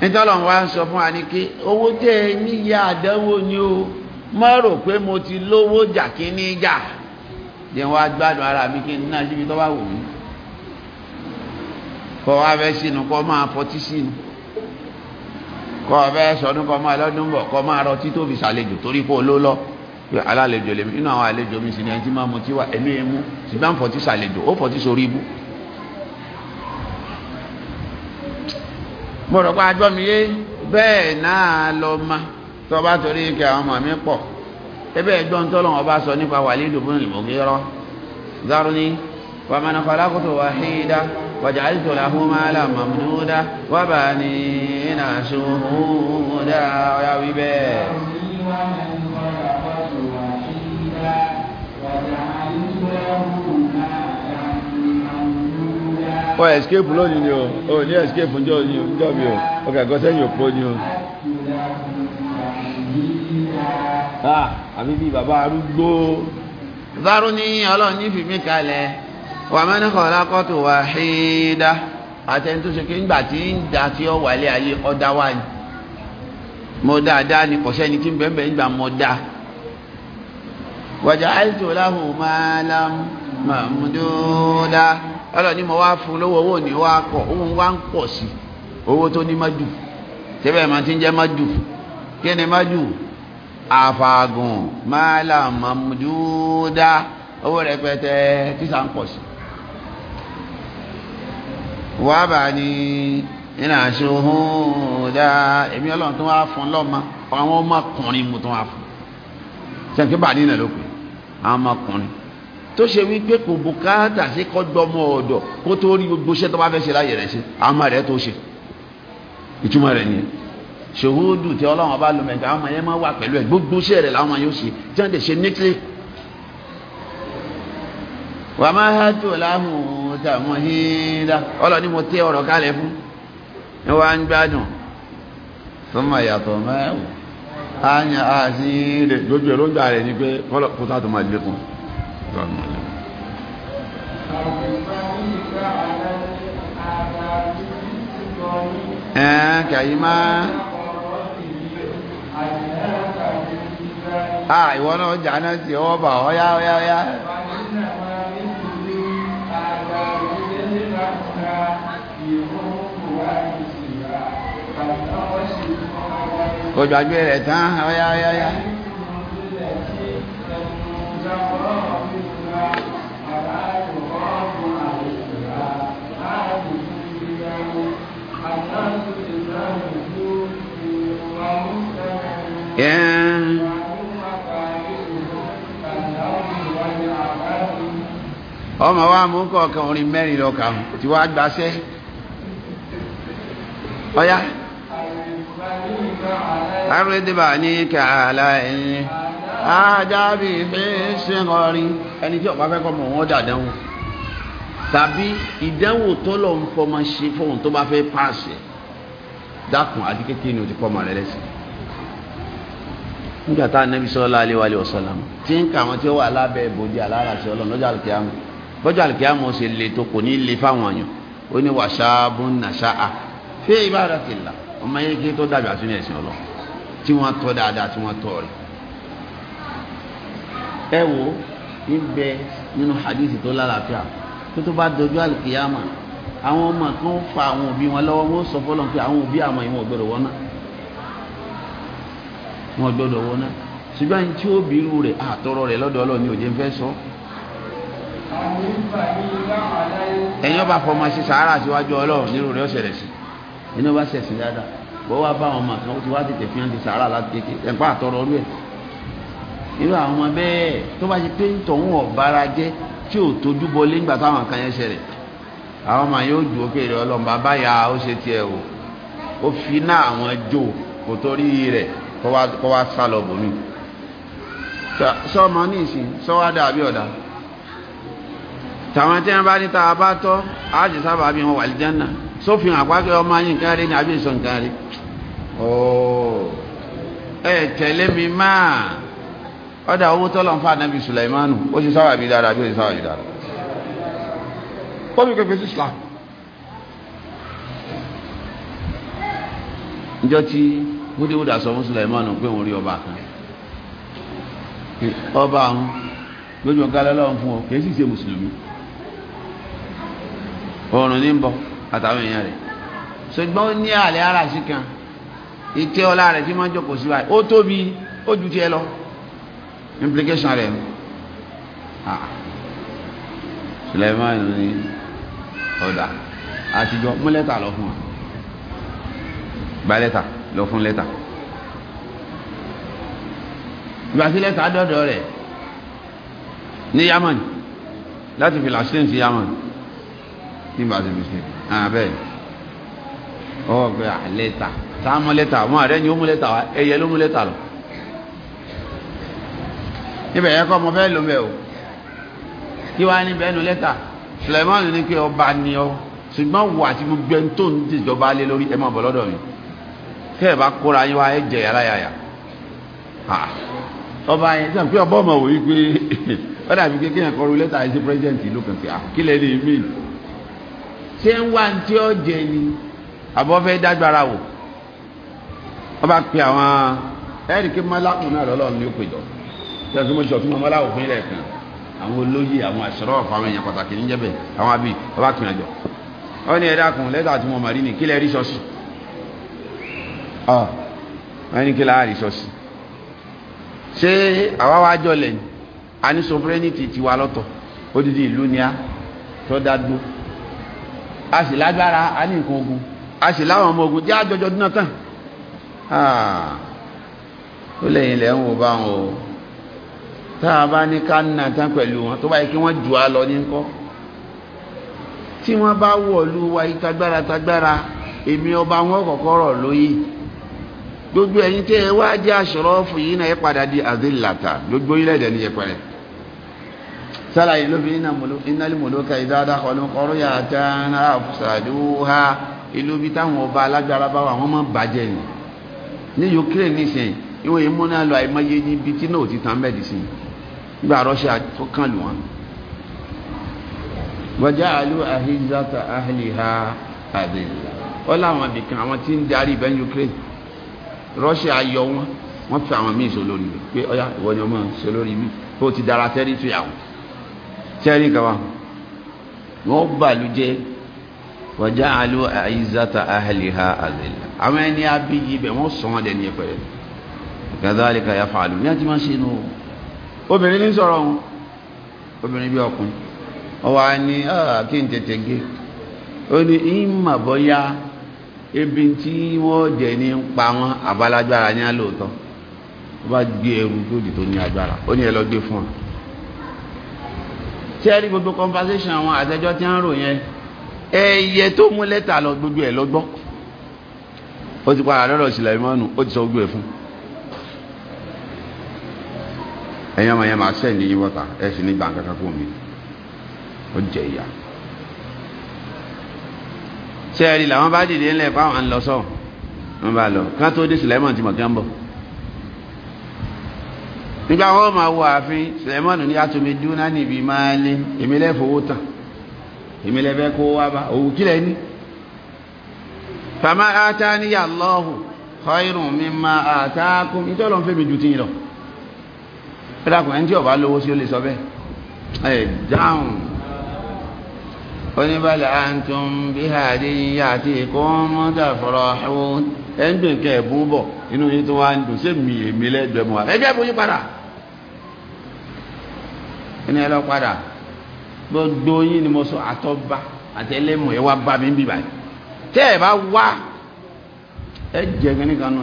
nítorí wọn wá ń sọ fún wa ní pé owó tẹ ẹ níyà àdánwò ni o má rò pé mo ti lówó jà kí ní jà jẹ́ wọ́n á gbádùn ara mi kí n ná síbi tó bá wù mí kọ́ wá fẹ́ sínú kọ́ máa fọtí sínú kọ́ fẹ́ sọdún kọ́ máa lọ́dún bọ̀ kọ́ máa rọtí tó fi torí kó ló lọ alálejò lèmi inú àwọn àlejò mi sì ni ẹni tí máa mutí wá ẹ̀mí ẹ̀ mú ṣùgbọ́n fọtí ṣàlejò ó fọtí sórí ibú. mo rọ̀ pé ajọ́ mi yé bẹ́ẹ̀ náà lọ ma tó bá torí kí àwọn ọmọ mi pọ̀ ebe ẹ̀gbọ́n tó lọ́wọ́ bá sọ nípa Walidu ibn al-Mughira zarni wa man khalaqtu wahida waj'altu lahu malan mamduda wa banina shuhuda ọ̀yà wíbẹ̀. ومن خلقت وحيدا وجعلت له مالا ọ escape lónìí ni o ò ní escape ńjọ́ ni ńjọ́ mi o ọkà ẹ̀kọ́ sẹ́yìn òpó ni o. àbí bíi bàbá arúgbó. záró ní ọlọ́run ní fìmí kalẹ̀ wà mẹ́rin kan lákọ́tù wà hídá àtẹni tó ṣe pé ńgbà tí ń da tí ó wà lé ayé ọ̀dá wà ní. mo dáadáa ni kò sẹ́ni tí ń bẹ́ẹ̀ bẹ́ẹ̀ gbà mọ́ dáa wàjà àìsàn láhùn máa lámàmúdúdá ọlọ́ni mo wá fún lówó owó ní wá kọ̀ òun wá ń pọ̀ sí owó tó ní májù tẹ́bẹ̀ máa ti ń jẹ́ májù kí ni májù àfàgùn máàlà mọ̀mọ́dúdá owó rẹpẹtẹ tíṣà ń pọ̀ sí wà bá ní iná ṣòhúndá èmi ọlọ́run tó wá fún lọ́mọ àwọn ọmọkùnrin mo tó wá fún ṣe kí bá nínà lókun àwọn ọmọkùnrin tó ṣe wípé kò bùkátà sí kọ́gbọ́mọ ọ̀dọ̀ kó tó rí gbogbo iṣẹ́ tó bá fẹ́ ṣe láyé rẹ̀ ṣe àmà rẹ̀ tó ṣe ìtumọ̀ rẹ̀ nìyẹn ṣòwòdù tí ọlọ́run bá lùmẹ̀ ká ọmọ yẹn máa wà pẹ̀lú ẹ̀ gbogbo iṣẹ́ rẹ̀ làwọn yóò ṣe tí wọ́n lè ṣe níkìlì. wà á máa há tó láhùn tàwọn híńdá ọlọ́run ni mo tẹ ọ̀rọ̀ kálẹ̀ fún ẹ wá ń gbádùn tó máa yàtọ̀ mẹ́wọ̀ á yan àṣìírí lójú ẹ̀ lójú ààrẹ ni pé kọ́lọ́ tó máa lékún. الشيطان الرجيم آه كيما آه ìwọ náà jàánà sí ọwọ́ bà ọ́ yá yá yá. Ojú àgbẹ̀ rẹ̀ tán, ọ̀yá ọ̀yá ọ̀yá. Yeah. ọmọ wa mú kọ̀ọ̀kan orin mẹ́rin lọ kàún tí wá gbáṣẹ́ ọya arúgbẹ́dẹ́bà ní kààlà ẹni ajábì fẹ́ ṣe ọrin ẹni tí ọ̀pá fẹ́ kọ́ mọ̀ wọ́n dàdánwò tàbí ìdánwò tọ́lọ̀ ń fọmọ ṣe fóun tó bá fẹ́ páàsì dákun àdíkékè ni o ti fọmọ rẹ lẹ́sìn nígbà tá ànábì sallallahu alaihi wasallam tí ń ka àwọn tí ó wà lábẹ́ ìbòdì alára sí ọlọ́run lọ́jọ́ àlùkìyàmù lọ́jọ́ àlùkìyàmù ó ṣe lè tó kò ní lè fáwọn èèyàn ó ní wàṣáàbù nàṣáà fi ibadatillah ọmọ yẹn kí tó dàbí àtúnyẹ ẹ̀sìn ọlọ́run tí wọ́n tọ́ dáadáa tí wọ́n tọ́ rẹ̀. ẹ wo ń bẹ nínú hadithi tó lálàáfíà pé tó bá dojú àlùkìyàmà àwọn ọmọ kan fa àwọn òbí wọn lọ́wọ́ wọn sọ fọlọ́n pé àwọn òbí àwọn ìwọ̀n gbọ́dọ̀ wọ́n náà wọn gbọ́dọ̀ wọ́n náà ṣùgbọ́n ní tí ó bí irú rẹ̀ àtọrọ rẹ̀ lọ́dọ̀ ọlọ́ ni òjé ń fẹ́ sọ. ẹ̀yin ọba fọmọ ṣe sàárà síwájú ọlọ́run nírú rẹ̀ ọ̀sẹ̀ rẹ̀ sí ẹni ọba ṣẹ̀sìn dáadáa bọ́ wá bá àwọn ọmọ ti sàárà láti kékeré ẹ̀pá àtọrọ ọlú ẹ̀ irú àwọn ọmọ bẹ́ẹ̀ tó tí ò tójú bọlé nígbà táwọn kan yẹn ṣẹlẹ̀ àwọn ọmọ yóò ju òkè rẹ ọlọ́mọ abáyà ó ṣe tiẹ̀ o ó fi ná àwọn jò kò torí rẹ̀ kọ́ wá sá lọ bòmí sọ́ọ̀mọ́ ní ìsìn sọ́wádà àbí ọ̀dà tàwọn tí wọ́n bá níta bá tọ́ ájì sábà bí wọn wà lìjánà sófin àpákẹ́ ọmọ yìí nǹkan rí ní àbí ìsọ̀ nǹkan rí ẹ̀ tẹ̀lé mi máa ọdá owó tọ́lọ̀ fà nábi Sulaimanu ó ṣe sáwà bí dára bí ó ṣe sáwà bí dára pọ́bí pẹ̀pẹ̀ sí Islam ìjọ tí wúdíwúdà sọ fún Sulaimanu pé òun rí ọba kan ọba ahun lójú ọ̀gá fún ọ ṣe mùsùlùmí ní ń àtàwọn èèyàn rẹ̀ ṣùgbọ́n ní àlẹ́ ara sí kan ìtẹ́ ọlá rẹ̀ tí máa implication rẹ̀ Suleiman ní ọ̀dà àtijọ́ mú lẹ́tà lọ fún wa gba lẹ́tà lọ fún lẹ́tà ìgbà tí lẹ́tà dọ́dọ̀ rẹ̀ ní Yamani láti fi làṣẹ́ sí Yamani nígbà tí bìsí àbẹ́ ọwọ́ pé ah, lẹ́tà tá mú lẹ́tà wọn àrẹ́ ni ó mú lẹ́tà wa ẹyẹ ló mú lẹ́tà lọ níbẹ̀ yẹ kọ́ mọ fẹ́ ló mẹ́ o kí wá ní bẹ́ẹ̀ nu lẹ́tà Suleiman ní pé ọba ni ọ ṣùgbọ́n wò àti gbogbo ẹni tó ń dìjọba lé lórí ẹ máa bọ̀ lọ́dọ̀ mi kẹ́ ẹ̀ bá kóra yín wá ẹ jẹ yàrá yàyà ọba yẹn sàn pé ọba ọmọ wò yí pé *laughs* ó dàbí kékeré yẹn kọrú lẹ́tà ẹ̀ sí president ìlú kan pé àkílẹ̀ ah, lè mí ṣé ń wá ní tí ó jẹ ni àbọ̀ fẹ́ dágbára wò ọba pe àwọn ẹ̀rì kí mọ́lákùn náà lọ́lọ́run ní ó pè jọ sẹ́yìn fún mọ́ṣọ́ tí mo mọ́lá òfin rẹ̀ kan àwọn olóyè àwọn àṣírọ́ àwọn èèyàn pàtàkì ní jẹ́bẹ̀ àwọn àbí ọba kìnnà jọ ọ ní ẹ̀dá kan lẹ́tà tí mo mọ̀ ni kí lẹ́ rí ṣọ́ọ̀ṣì ọ wọ́n kí lẹ́ rí ṣọ́ọ̀ṣì ṣé àwa wá jọlẹ̀ ni a ní sovereignty ti wa lọ́tọ̀ odidi ìlú ni a tó dá dúró a sì lágbára a ní nǹkan ogun a sì láwọn ọmọ ogun jẹ́ àjọjọ dúnà tán ó lẹ́yìn lẹ́ ń wo báwọn o táà bá ní ká nà tán pẹ̀lú wọn tó bá yẹ kí wọ́n jù á lọ ní kọ́ tí wọ́n bá wọ̀lú wa itagbára tagbára èmi ọba wọn kọ̀kọ́ rọ̀ lóyè gbogbo ẹ̀yin tẹ́ ẹ wá jẹ́ àṣọrọ́ fún yìí náà ẹ padà di àdéhìlàtà gbogbo ilẹ̀ ẹ̀dẹ̀ ní yẹpẹrẹ sálàyé ló fi innal muluka idha dakhalu qaryatan afsaduha ìlú bí táwọn ọba alágbára bá wà wọ́n mọ̀ bàjẹ́ ni ní Ukraine nìsín ìwọ̀n ìmúná lọ àìmọye níbi tí náà ò ti tàn mẹ́dísìn gba Russia tó kàn lù wọn wàjá àlú àhíjáta àhìlìhà àdìlà ó láwọn abìkan àwọn tí ń darí ibẹ̀ Ukraine Russia yọ wọn wọ́n fi àwọn míì sólórí rẹ̀ pé ọyá ìwọ ni ọmọ sólórí mi ó ti dára tẹ́rí tó yà tẹ́rí kan wọ́n bàlú jẹ́ àlú àhíjáta àhìlìhà àdìlà àwọn ẹni abíyí ibẹ̀ wọ́n sọ wọn dẹni ẹ̀pẹ̀rẹ̀ kàdálíkà yà fàlù ní àti máa ṣe nù. No obìnrin ní sọ̀rọ̀ wọn obìnrin bí ọkùnrin ọwà ni ah, kí n tètè gé o ní ìmà bọ́yá ebi tí wọ́n jẹ ní ń pa wọn àbálágbára ní àlóòtọ́ ó bá gbé ẹrù tó dì tó ní agbára ó ní ẹ lọ gbé fún ọ tí ẹ rí gbogbo conversation àwọn àtẹjọ tí ń rò yẹn ẹyẹ tó mú lẹ́tà lọ gbogbo ẹ̀ lọ́gbọ́ ó ti padà lọ́dọ̀ sílẹ̀ ìmọ̀nù ó ti sọ gbogbo ẹ̀ fún un ẹ̀yin ọmọ yẹn máa ṣẹ́ ní yín wọ́ta ẹ̀ sì ní gbàǹkà kankan mi ó jẹ ìyá sẹ́ẹ̀rì làwọn bá dìde ńlẹ̀ fáwọn ń lọ sọ wọn bá lọ kán tó dé sùlẹ́mọ̀n ti mọ̀ kí wọ́n bọ̀ nígbà wọn máa wọ ààfin sùlẹ́mọ̀n ní àtúnmí dúná níbi máa lé èmi lẹ́fọwọ́ tán èmi lẹ́fẹ́ kó wá bá òwú kílẹ̀ ní fama ata níyà lọ́hùn kọ́ irun mi máa àtàkùn ìtọ́lọ́ fẹ́mi ju ti yìí lọ ẹ̀dàkùn ẹni tí ọba lówó sí ó lè sọ bẹ́ẹ̀ ẹ̀ dáhùn oníbàlẹ̀ àǹtún bí àdé àti ìkọ́ mọ́tà fọ̀rọ̀ ẹ̀wọ̀n ẹ̀ńdùn kẹ́ ẹ̀bùn bọ̀ inú yìí tó wá ń dùn sí mi èmi lẹ́gbẹ̀ẹ́ mọ́ ẹgbẹ́ bóyí padà ẹni ẹ lọ padà gbogbo yín ni mo sọ àtọ́ba àtẹlẹ́mọ̀ ẹ wá bá mi bíbáyìí tẹ́ ẹ bá wá ẹ jẹ́ kí nìkan nù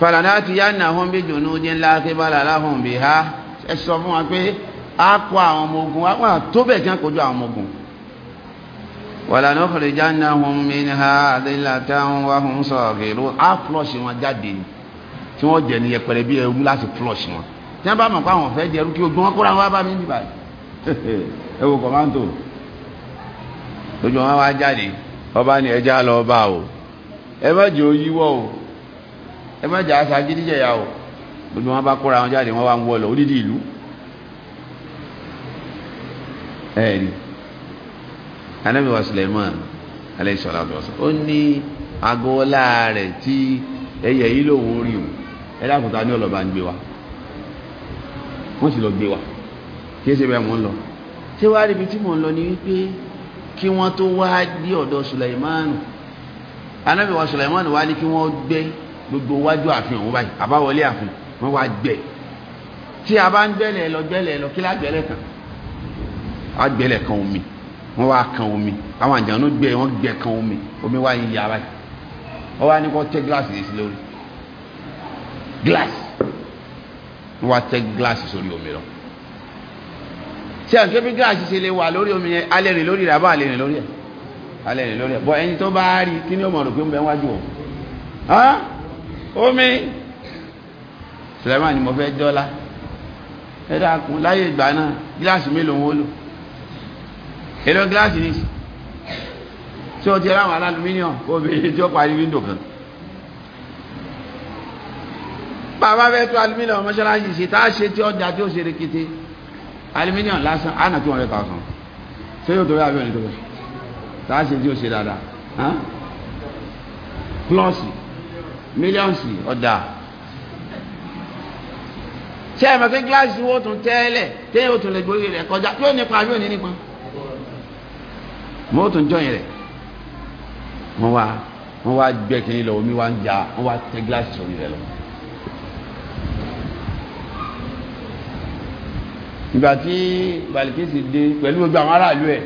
fàlànàtì bí jùnú dín láàkí ha ẹ sọ fún wa pé a kọ àwọn ọmọ ogun wọn tó bẹ̀ àwọn ọmọ ogun ha sọ̀rọ̀ flush wọn jáde tí wọ́n jẹ ní yẹpẹrẹ bí ẹrú láti flush wọn tí wọ́n bá mọ̀ àwọn kí ojú wọn kóra wọn bá mi *laughs* kọ̀mántò ojú wọn wá jáde ọba ni ẹja lọ bá o ẹ má ẹ má jà àṣà gídíjẹ̀yà o gbogbo wọn bá kóra wọn jáde wọn wá ń wọ lọ odidi ìlú ẹ̀rí anábì wa Suleiman alayhi salatu wassalam ó ní agọ́ọ́lá rẹ̀ tí ẹyẹ yìí lòun rí o ẹ dákùtà ní ọlọ́ba ń gbé wa wọ́n sì lọ gbé wa kí ẹsẹ̀ bẹ́ẹ̀ mò ń lọ ṣé wàá ríbi tí mò ń lọ ni wípé kí wọ́n tó wá dé ọ̀dọ̀ Suleiman anábì Suleiman wá ní kí wọ́n gbé gbogbo wájú àfihàn wọn báyìí àbáwọlé àfihàn wọn wá gbẹ tí a bá ń gbẹ́lẹ̀ lọ gbẹ́lẹ̀ lọ kí lágbẹ́lẹ̀ kan á gbẹ́lẹ̀ kan omi wọ́n wá kan omi àwọn àjànú gbẹ wọ́n gbẹ kan omi omi wá yíya báyìí wọ́n wá ní kó tẹ́ gíláàsì yìí sí lórí gíláàsì wọ́n wá tẹ́ gíláàsì sórí omi lọ tí a ń bí gíláàsì ṣe lè wà lórí omi yẹn alẹ́ rìn lórí rẹ̀ àbá alẹ́ rìn lórí ẹ̀ alẹ́ rìn lórí ẹ̀ bọ́ ẹni tó bá rí kí ni ó mọ̀ rò pé ń bẹ wájú ọ̀ omi Suleiman ni mo fẹ́ jọ́lá ẹ̀dá kùn láyé ìgbà náà gíláàsì mélòó wọn lò èlò gíláàsì ní tí ó ti ráwọn o obìnrin tí ó parí wíńdò kan bàbá fẹ́ tó alùmíníọ̀n mọ́ṣáláṣí ṣe tá a ṣe tí ọjà tí ó ṣe rekete alùmíníọ̀n lásán á nà tó wọn fẹ́ kà sàn ṣé yóò tó bẹ́ẹ̀ abẹ́rẹ́ tó bẹ́ẹ̀ tá a ṣe tí ó ṣe dáadáa plọ́ọ̀sì millions ọ̀dà ṣé ẹ mọ̀ pé gíláàsì wo tún tẹ́lẹ̀ téyẹ̀ ó tún lè gbórí rẹ̀ kọjá yóò nípa yóò ní nípa mo tún jọyìn rẹ̀ wọ́n wá wọ́n wá gbẹ́ kínní lọ omi wá ń ja wọ́n wá tẹ gíláàsì sórí rẹ̀ lọ. ìgbà tí Balikisi dé pẹ̀lú gbogbo àwọn aráàlú ẹ̀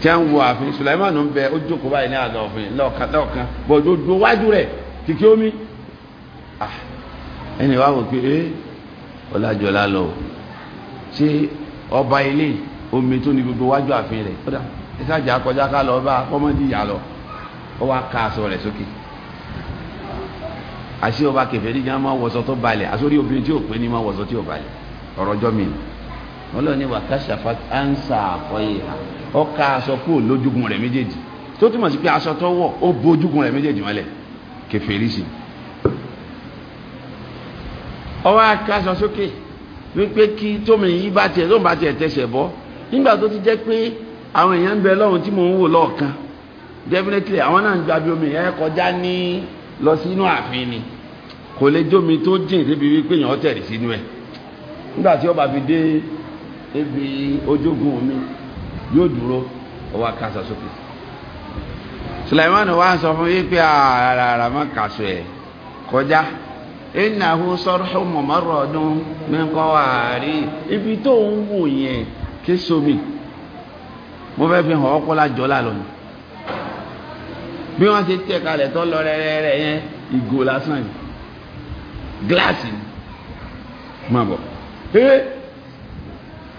tí a ń Sulaiman ń bẹ ó jókòó báyìí ní àga òfin lọ́ọ̀kan lọ́ọ̀kan bọ̀dọ̀ ojú wájú rẹ̀ kìkì omi ah, ẹni wá wò pé eh, ọlájọlá lọ ṣé ọba ilé omi tó ní gbogbo wájú ààfin rẹ̀ kódà ìsájà kọjá ká lọ bá kọ́mọ́dé ìyá lọ ó wá ká aṣọ rẹ̀ sókè àṣé ọba kẹfẹ́ níjà máa wọṣọ tó balẹ̀ àsórí obìnrin tí ò pé ní máa wọṣọ tí ò balẹ̀ ọ̀rọ̀ ọjọ́ wọn lọ ní wàkàṣàfà ansa àfọyé ha ó ká aṣọ kúrò lójúgun rẹ̀ méjèèjì tó túmọ̀ sí pé aṣọ tó wọ̀ ó bójúgun rẹ̀ méjèèjì mọ́lẹ̀ kèfèrí sí ọwọ́ akáṣọ sókè wípé kí tómi yìí bá tiẹ̀ tóun bá tiẹ̀ tẹsẹ̀ bọ́ nígbà tó ti jẹ́ pé àwọn èèyàn ń bẹ lọ́hùn tí mò ń wò lọ́ọ̀kan definitely àwọn náà ń gba bí omi yẹn kọjá ní lọ sínú ààfin ni kò lè jómi tó jìn débi wípé èèyàn tẹ̀lé sínú ẹ̀ nígbà tí ó fi dé níbi ojógun mi yóò dúró ó wá kásá sókè Sulaiman wá sọ fún yí pé ara ara má kàṣọ ẹ kọjá ìnáwó sọ̀rọ̀ mọ̀mọ́rọ̀ ọdún mẹ́kọ́ ààrí ibi tó ń wò yẹn ké sómi mo fẹ́ fi hàn ọpọlá jọlá lọ bí wọ́n ti tẹ̀ kalẹ̀ tó lọ rẹ́rẹ́rẹ́ yẹn ìgò lásán yìí gíláàsì má bọ̀ ẹ́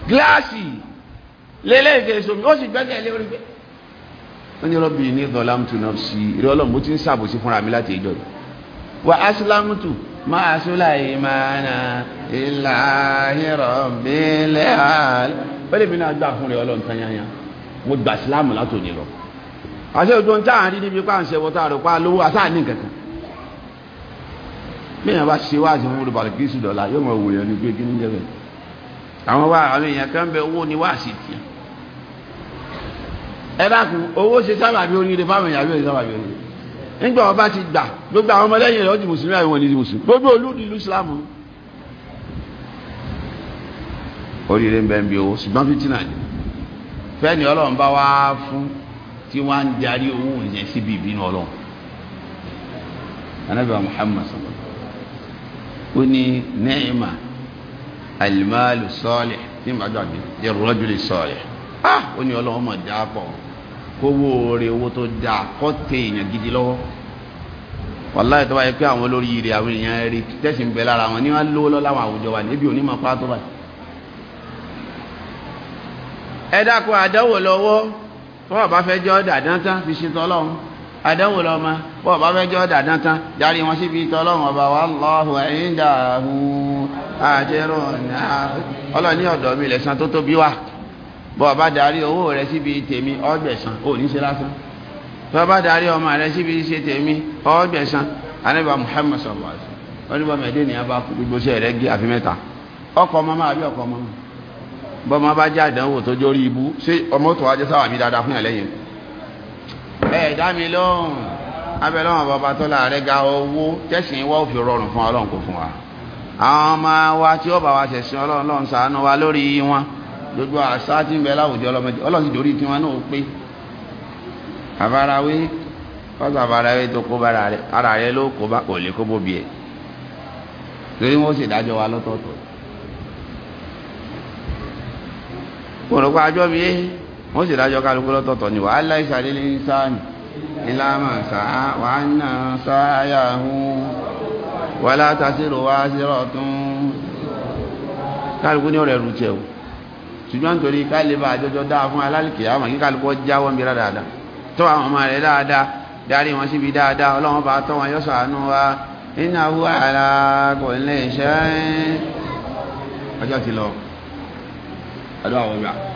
gíláàsì lélẹ́yìn kẹsàn mi ó sì gbẹ́kẹ̀lé orí pé wọ́n ní rọ́bì ní dọ̀lámùtù náà sí eré ọlọ́run mo ti ń ṣàbòsí fúnra mi láti ìjọ yìí wà á sílámùtù máa sólàyé máa na ìlà ìrọ̀bí lẹ́hàl. bẹ́ẹ̀ mi náà gbà fún rẹ̀ ọlọ́run tán yányá mo gbà sílámù látòní lọ. àṣẹ òjò ń táà rí níbi pa àṣẹ wọ́tá rẹ̀ pa lówó àṣà ní kankan. bí èèyàn bá ṣe wá fún rẹ̀ balùkí àwọn wá àwọn èèyàn kan bẹ owó ni wá sí tiẹ̀ ẹ owó ṣe sábàbí oríire fáwọn èèyàn àbí sábàbí oríire nígbà ti gbà gbogbo àwọn ọmọlẹ́yìn rẹ̀ ó di mùsùlùmí àwọn ènìyàn mùsùlùmí gbogbo olúdi ìlú ìsìlámù oríire ń bẹ ń bi owó ṣùgbọ́n fìtínà ni fẹ́ni ọlọ́run bá wá fún tí wọ́n ń darí owó yẹn síbi ìbínú ọlọ́run anábìá alimalu sọ́ọ̀lẹ̀ ní ìbájọ́gbé ìrọ́júlì sọ́ọ̀lẹ̀ ah ó ní ọlọ́wọ́ mọ̀ dáa pọ̀ kówó oore owó tó dáa kọ́ tẹ èèyàn gidi lọ́wọ́ wàláyé tó bá yẹ pé àwọn olórí ire àwọn èèyàn rí tẹ̀sí ń bẹ lára wọn ní wọn lówó lọ́la àwọn àwùjọ wa níbi òní máa pa tó báyìí. ẹ dákun àdánwò lọ́wọ́ bọ́ọ̀ bá fẹ́ jọ́ dàdán tán fi ṣe tọ́lọ́run àdánwò lọ́mọ bọ́ọ̀ bá fẹ́ jọ́ dàdán tán darí wọn síbi tọ́lọ́run ọba wa lọ́hùn ẹ̀yìn dàhùn àjẹrò ọlọ́run ní ọ̀dọ̀ mi lẹ̀san tó tóbi wà bọ́ ọ bá darí owó rẹ síbi tèmi ọgbẹ̀san ò ní ṣe lásán bọ́ ọ bá darí ọmọ rẹ síbi ṣe tèmi ọgbẹ̀san anábà Muhammad sallallahu alaihi wasallam oníbọ̀ mẹ́ẹ̀dẹ́ ni a bá kú gbogbo ṣe rẹ gé àfi mẹ́ta ọkọ ọmọ máa bí ọkọ ọmọ mi bọ́ ọmọ bá já ìdánwò tó jórí ibú ṣé ọmọ tó wájú sáwà mi dáadáa fún ẹlẹ́yìn ẹ̀ dá mi lóhùn abẹ́lẹ́wọ̀n bàbá tó láàrẹ́ ga owó tẹ̀sìn wọ́n fi rọrùn fún ọlọ́run kò fún wa. àwọn ọmọ wa tí ó bá wa ṣẹ̀sìn ọlọ́run lọ́n wa lórí wọn gbogbo àṣà tí ń bẹ láwùjọ ọlọ́mọdé ọlọ́run sì dórí náà pé àfarawé fọ́sà àfarawé tó kó ara rẹ ló kó bá kò lè kó bóbi ẹ̀ torí sì dájọ́ wa lọ́tọ̀ọ̀tọ̀ àjọ mi yé sì dájọ́ kálukú lọ́tọ̀ọ̀tọ̀ ni wàá sáà ìlànà sáà wàá náà sáà yà wà látàsírò wá sírọ̀ tún kálukú ní ọ̀rẹ́ rú tiẹ̀ o ṣùgbọ́n nítorí kálíbà àjọjọ dáa fún alálìkè àwọn kí kálukú jáwọ́ mi dáadáa tọ́ àwọn ọmọ rẹ̀ dáadáa darí wọn síbi dáadáa ọlọ́run bá tọ́ wọn yọ́sọ̀ àánú wa iná wú àrà kò ní iṣẹ́ ọjọ́ ti lọ ọdún àwọn ọgbà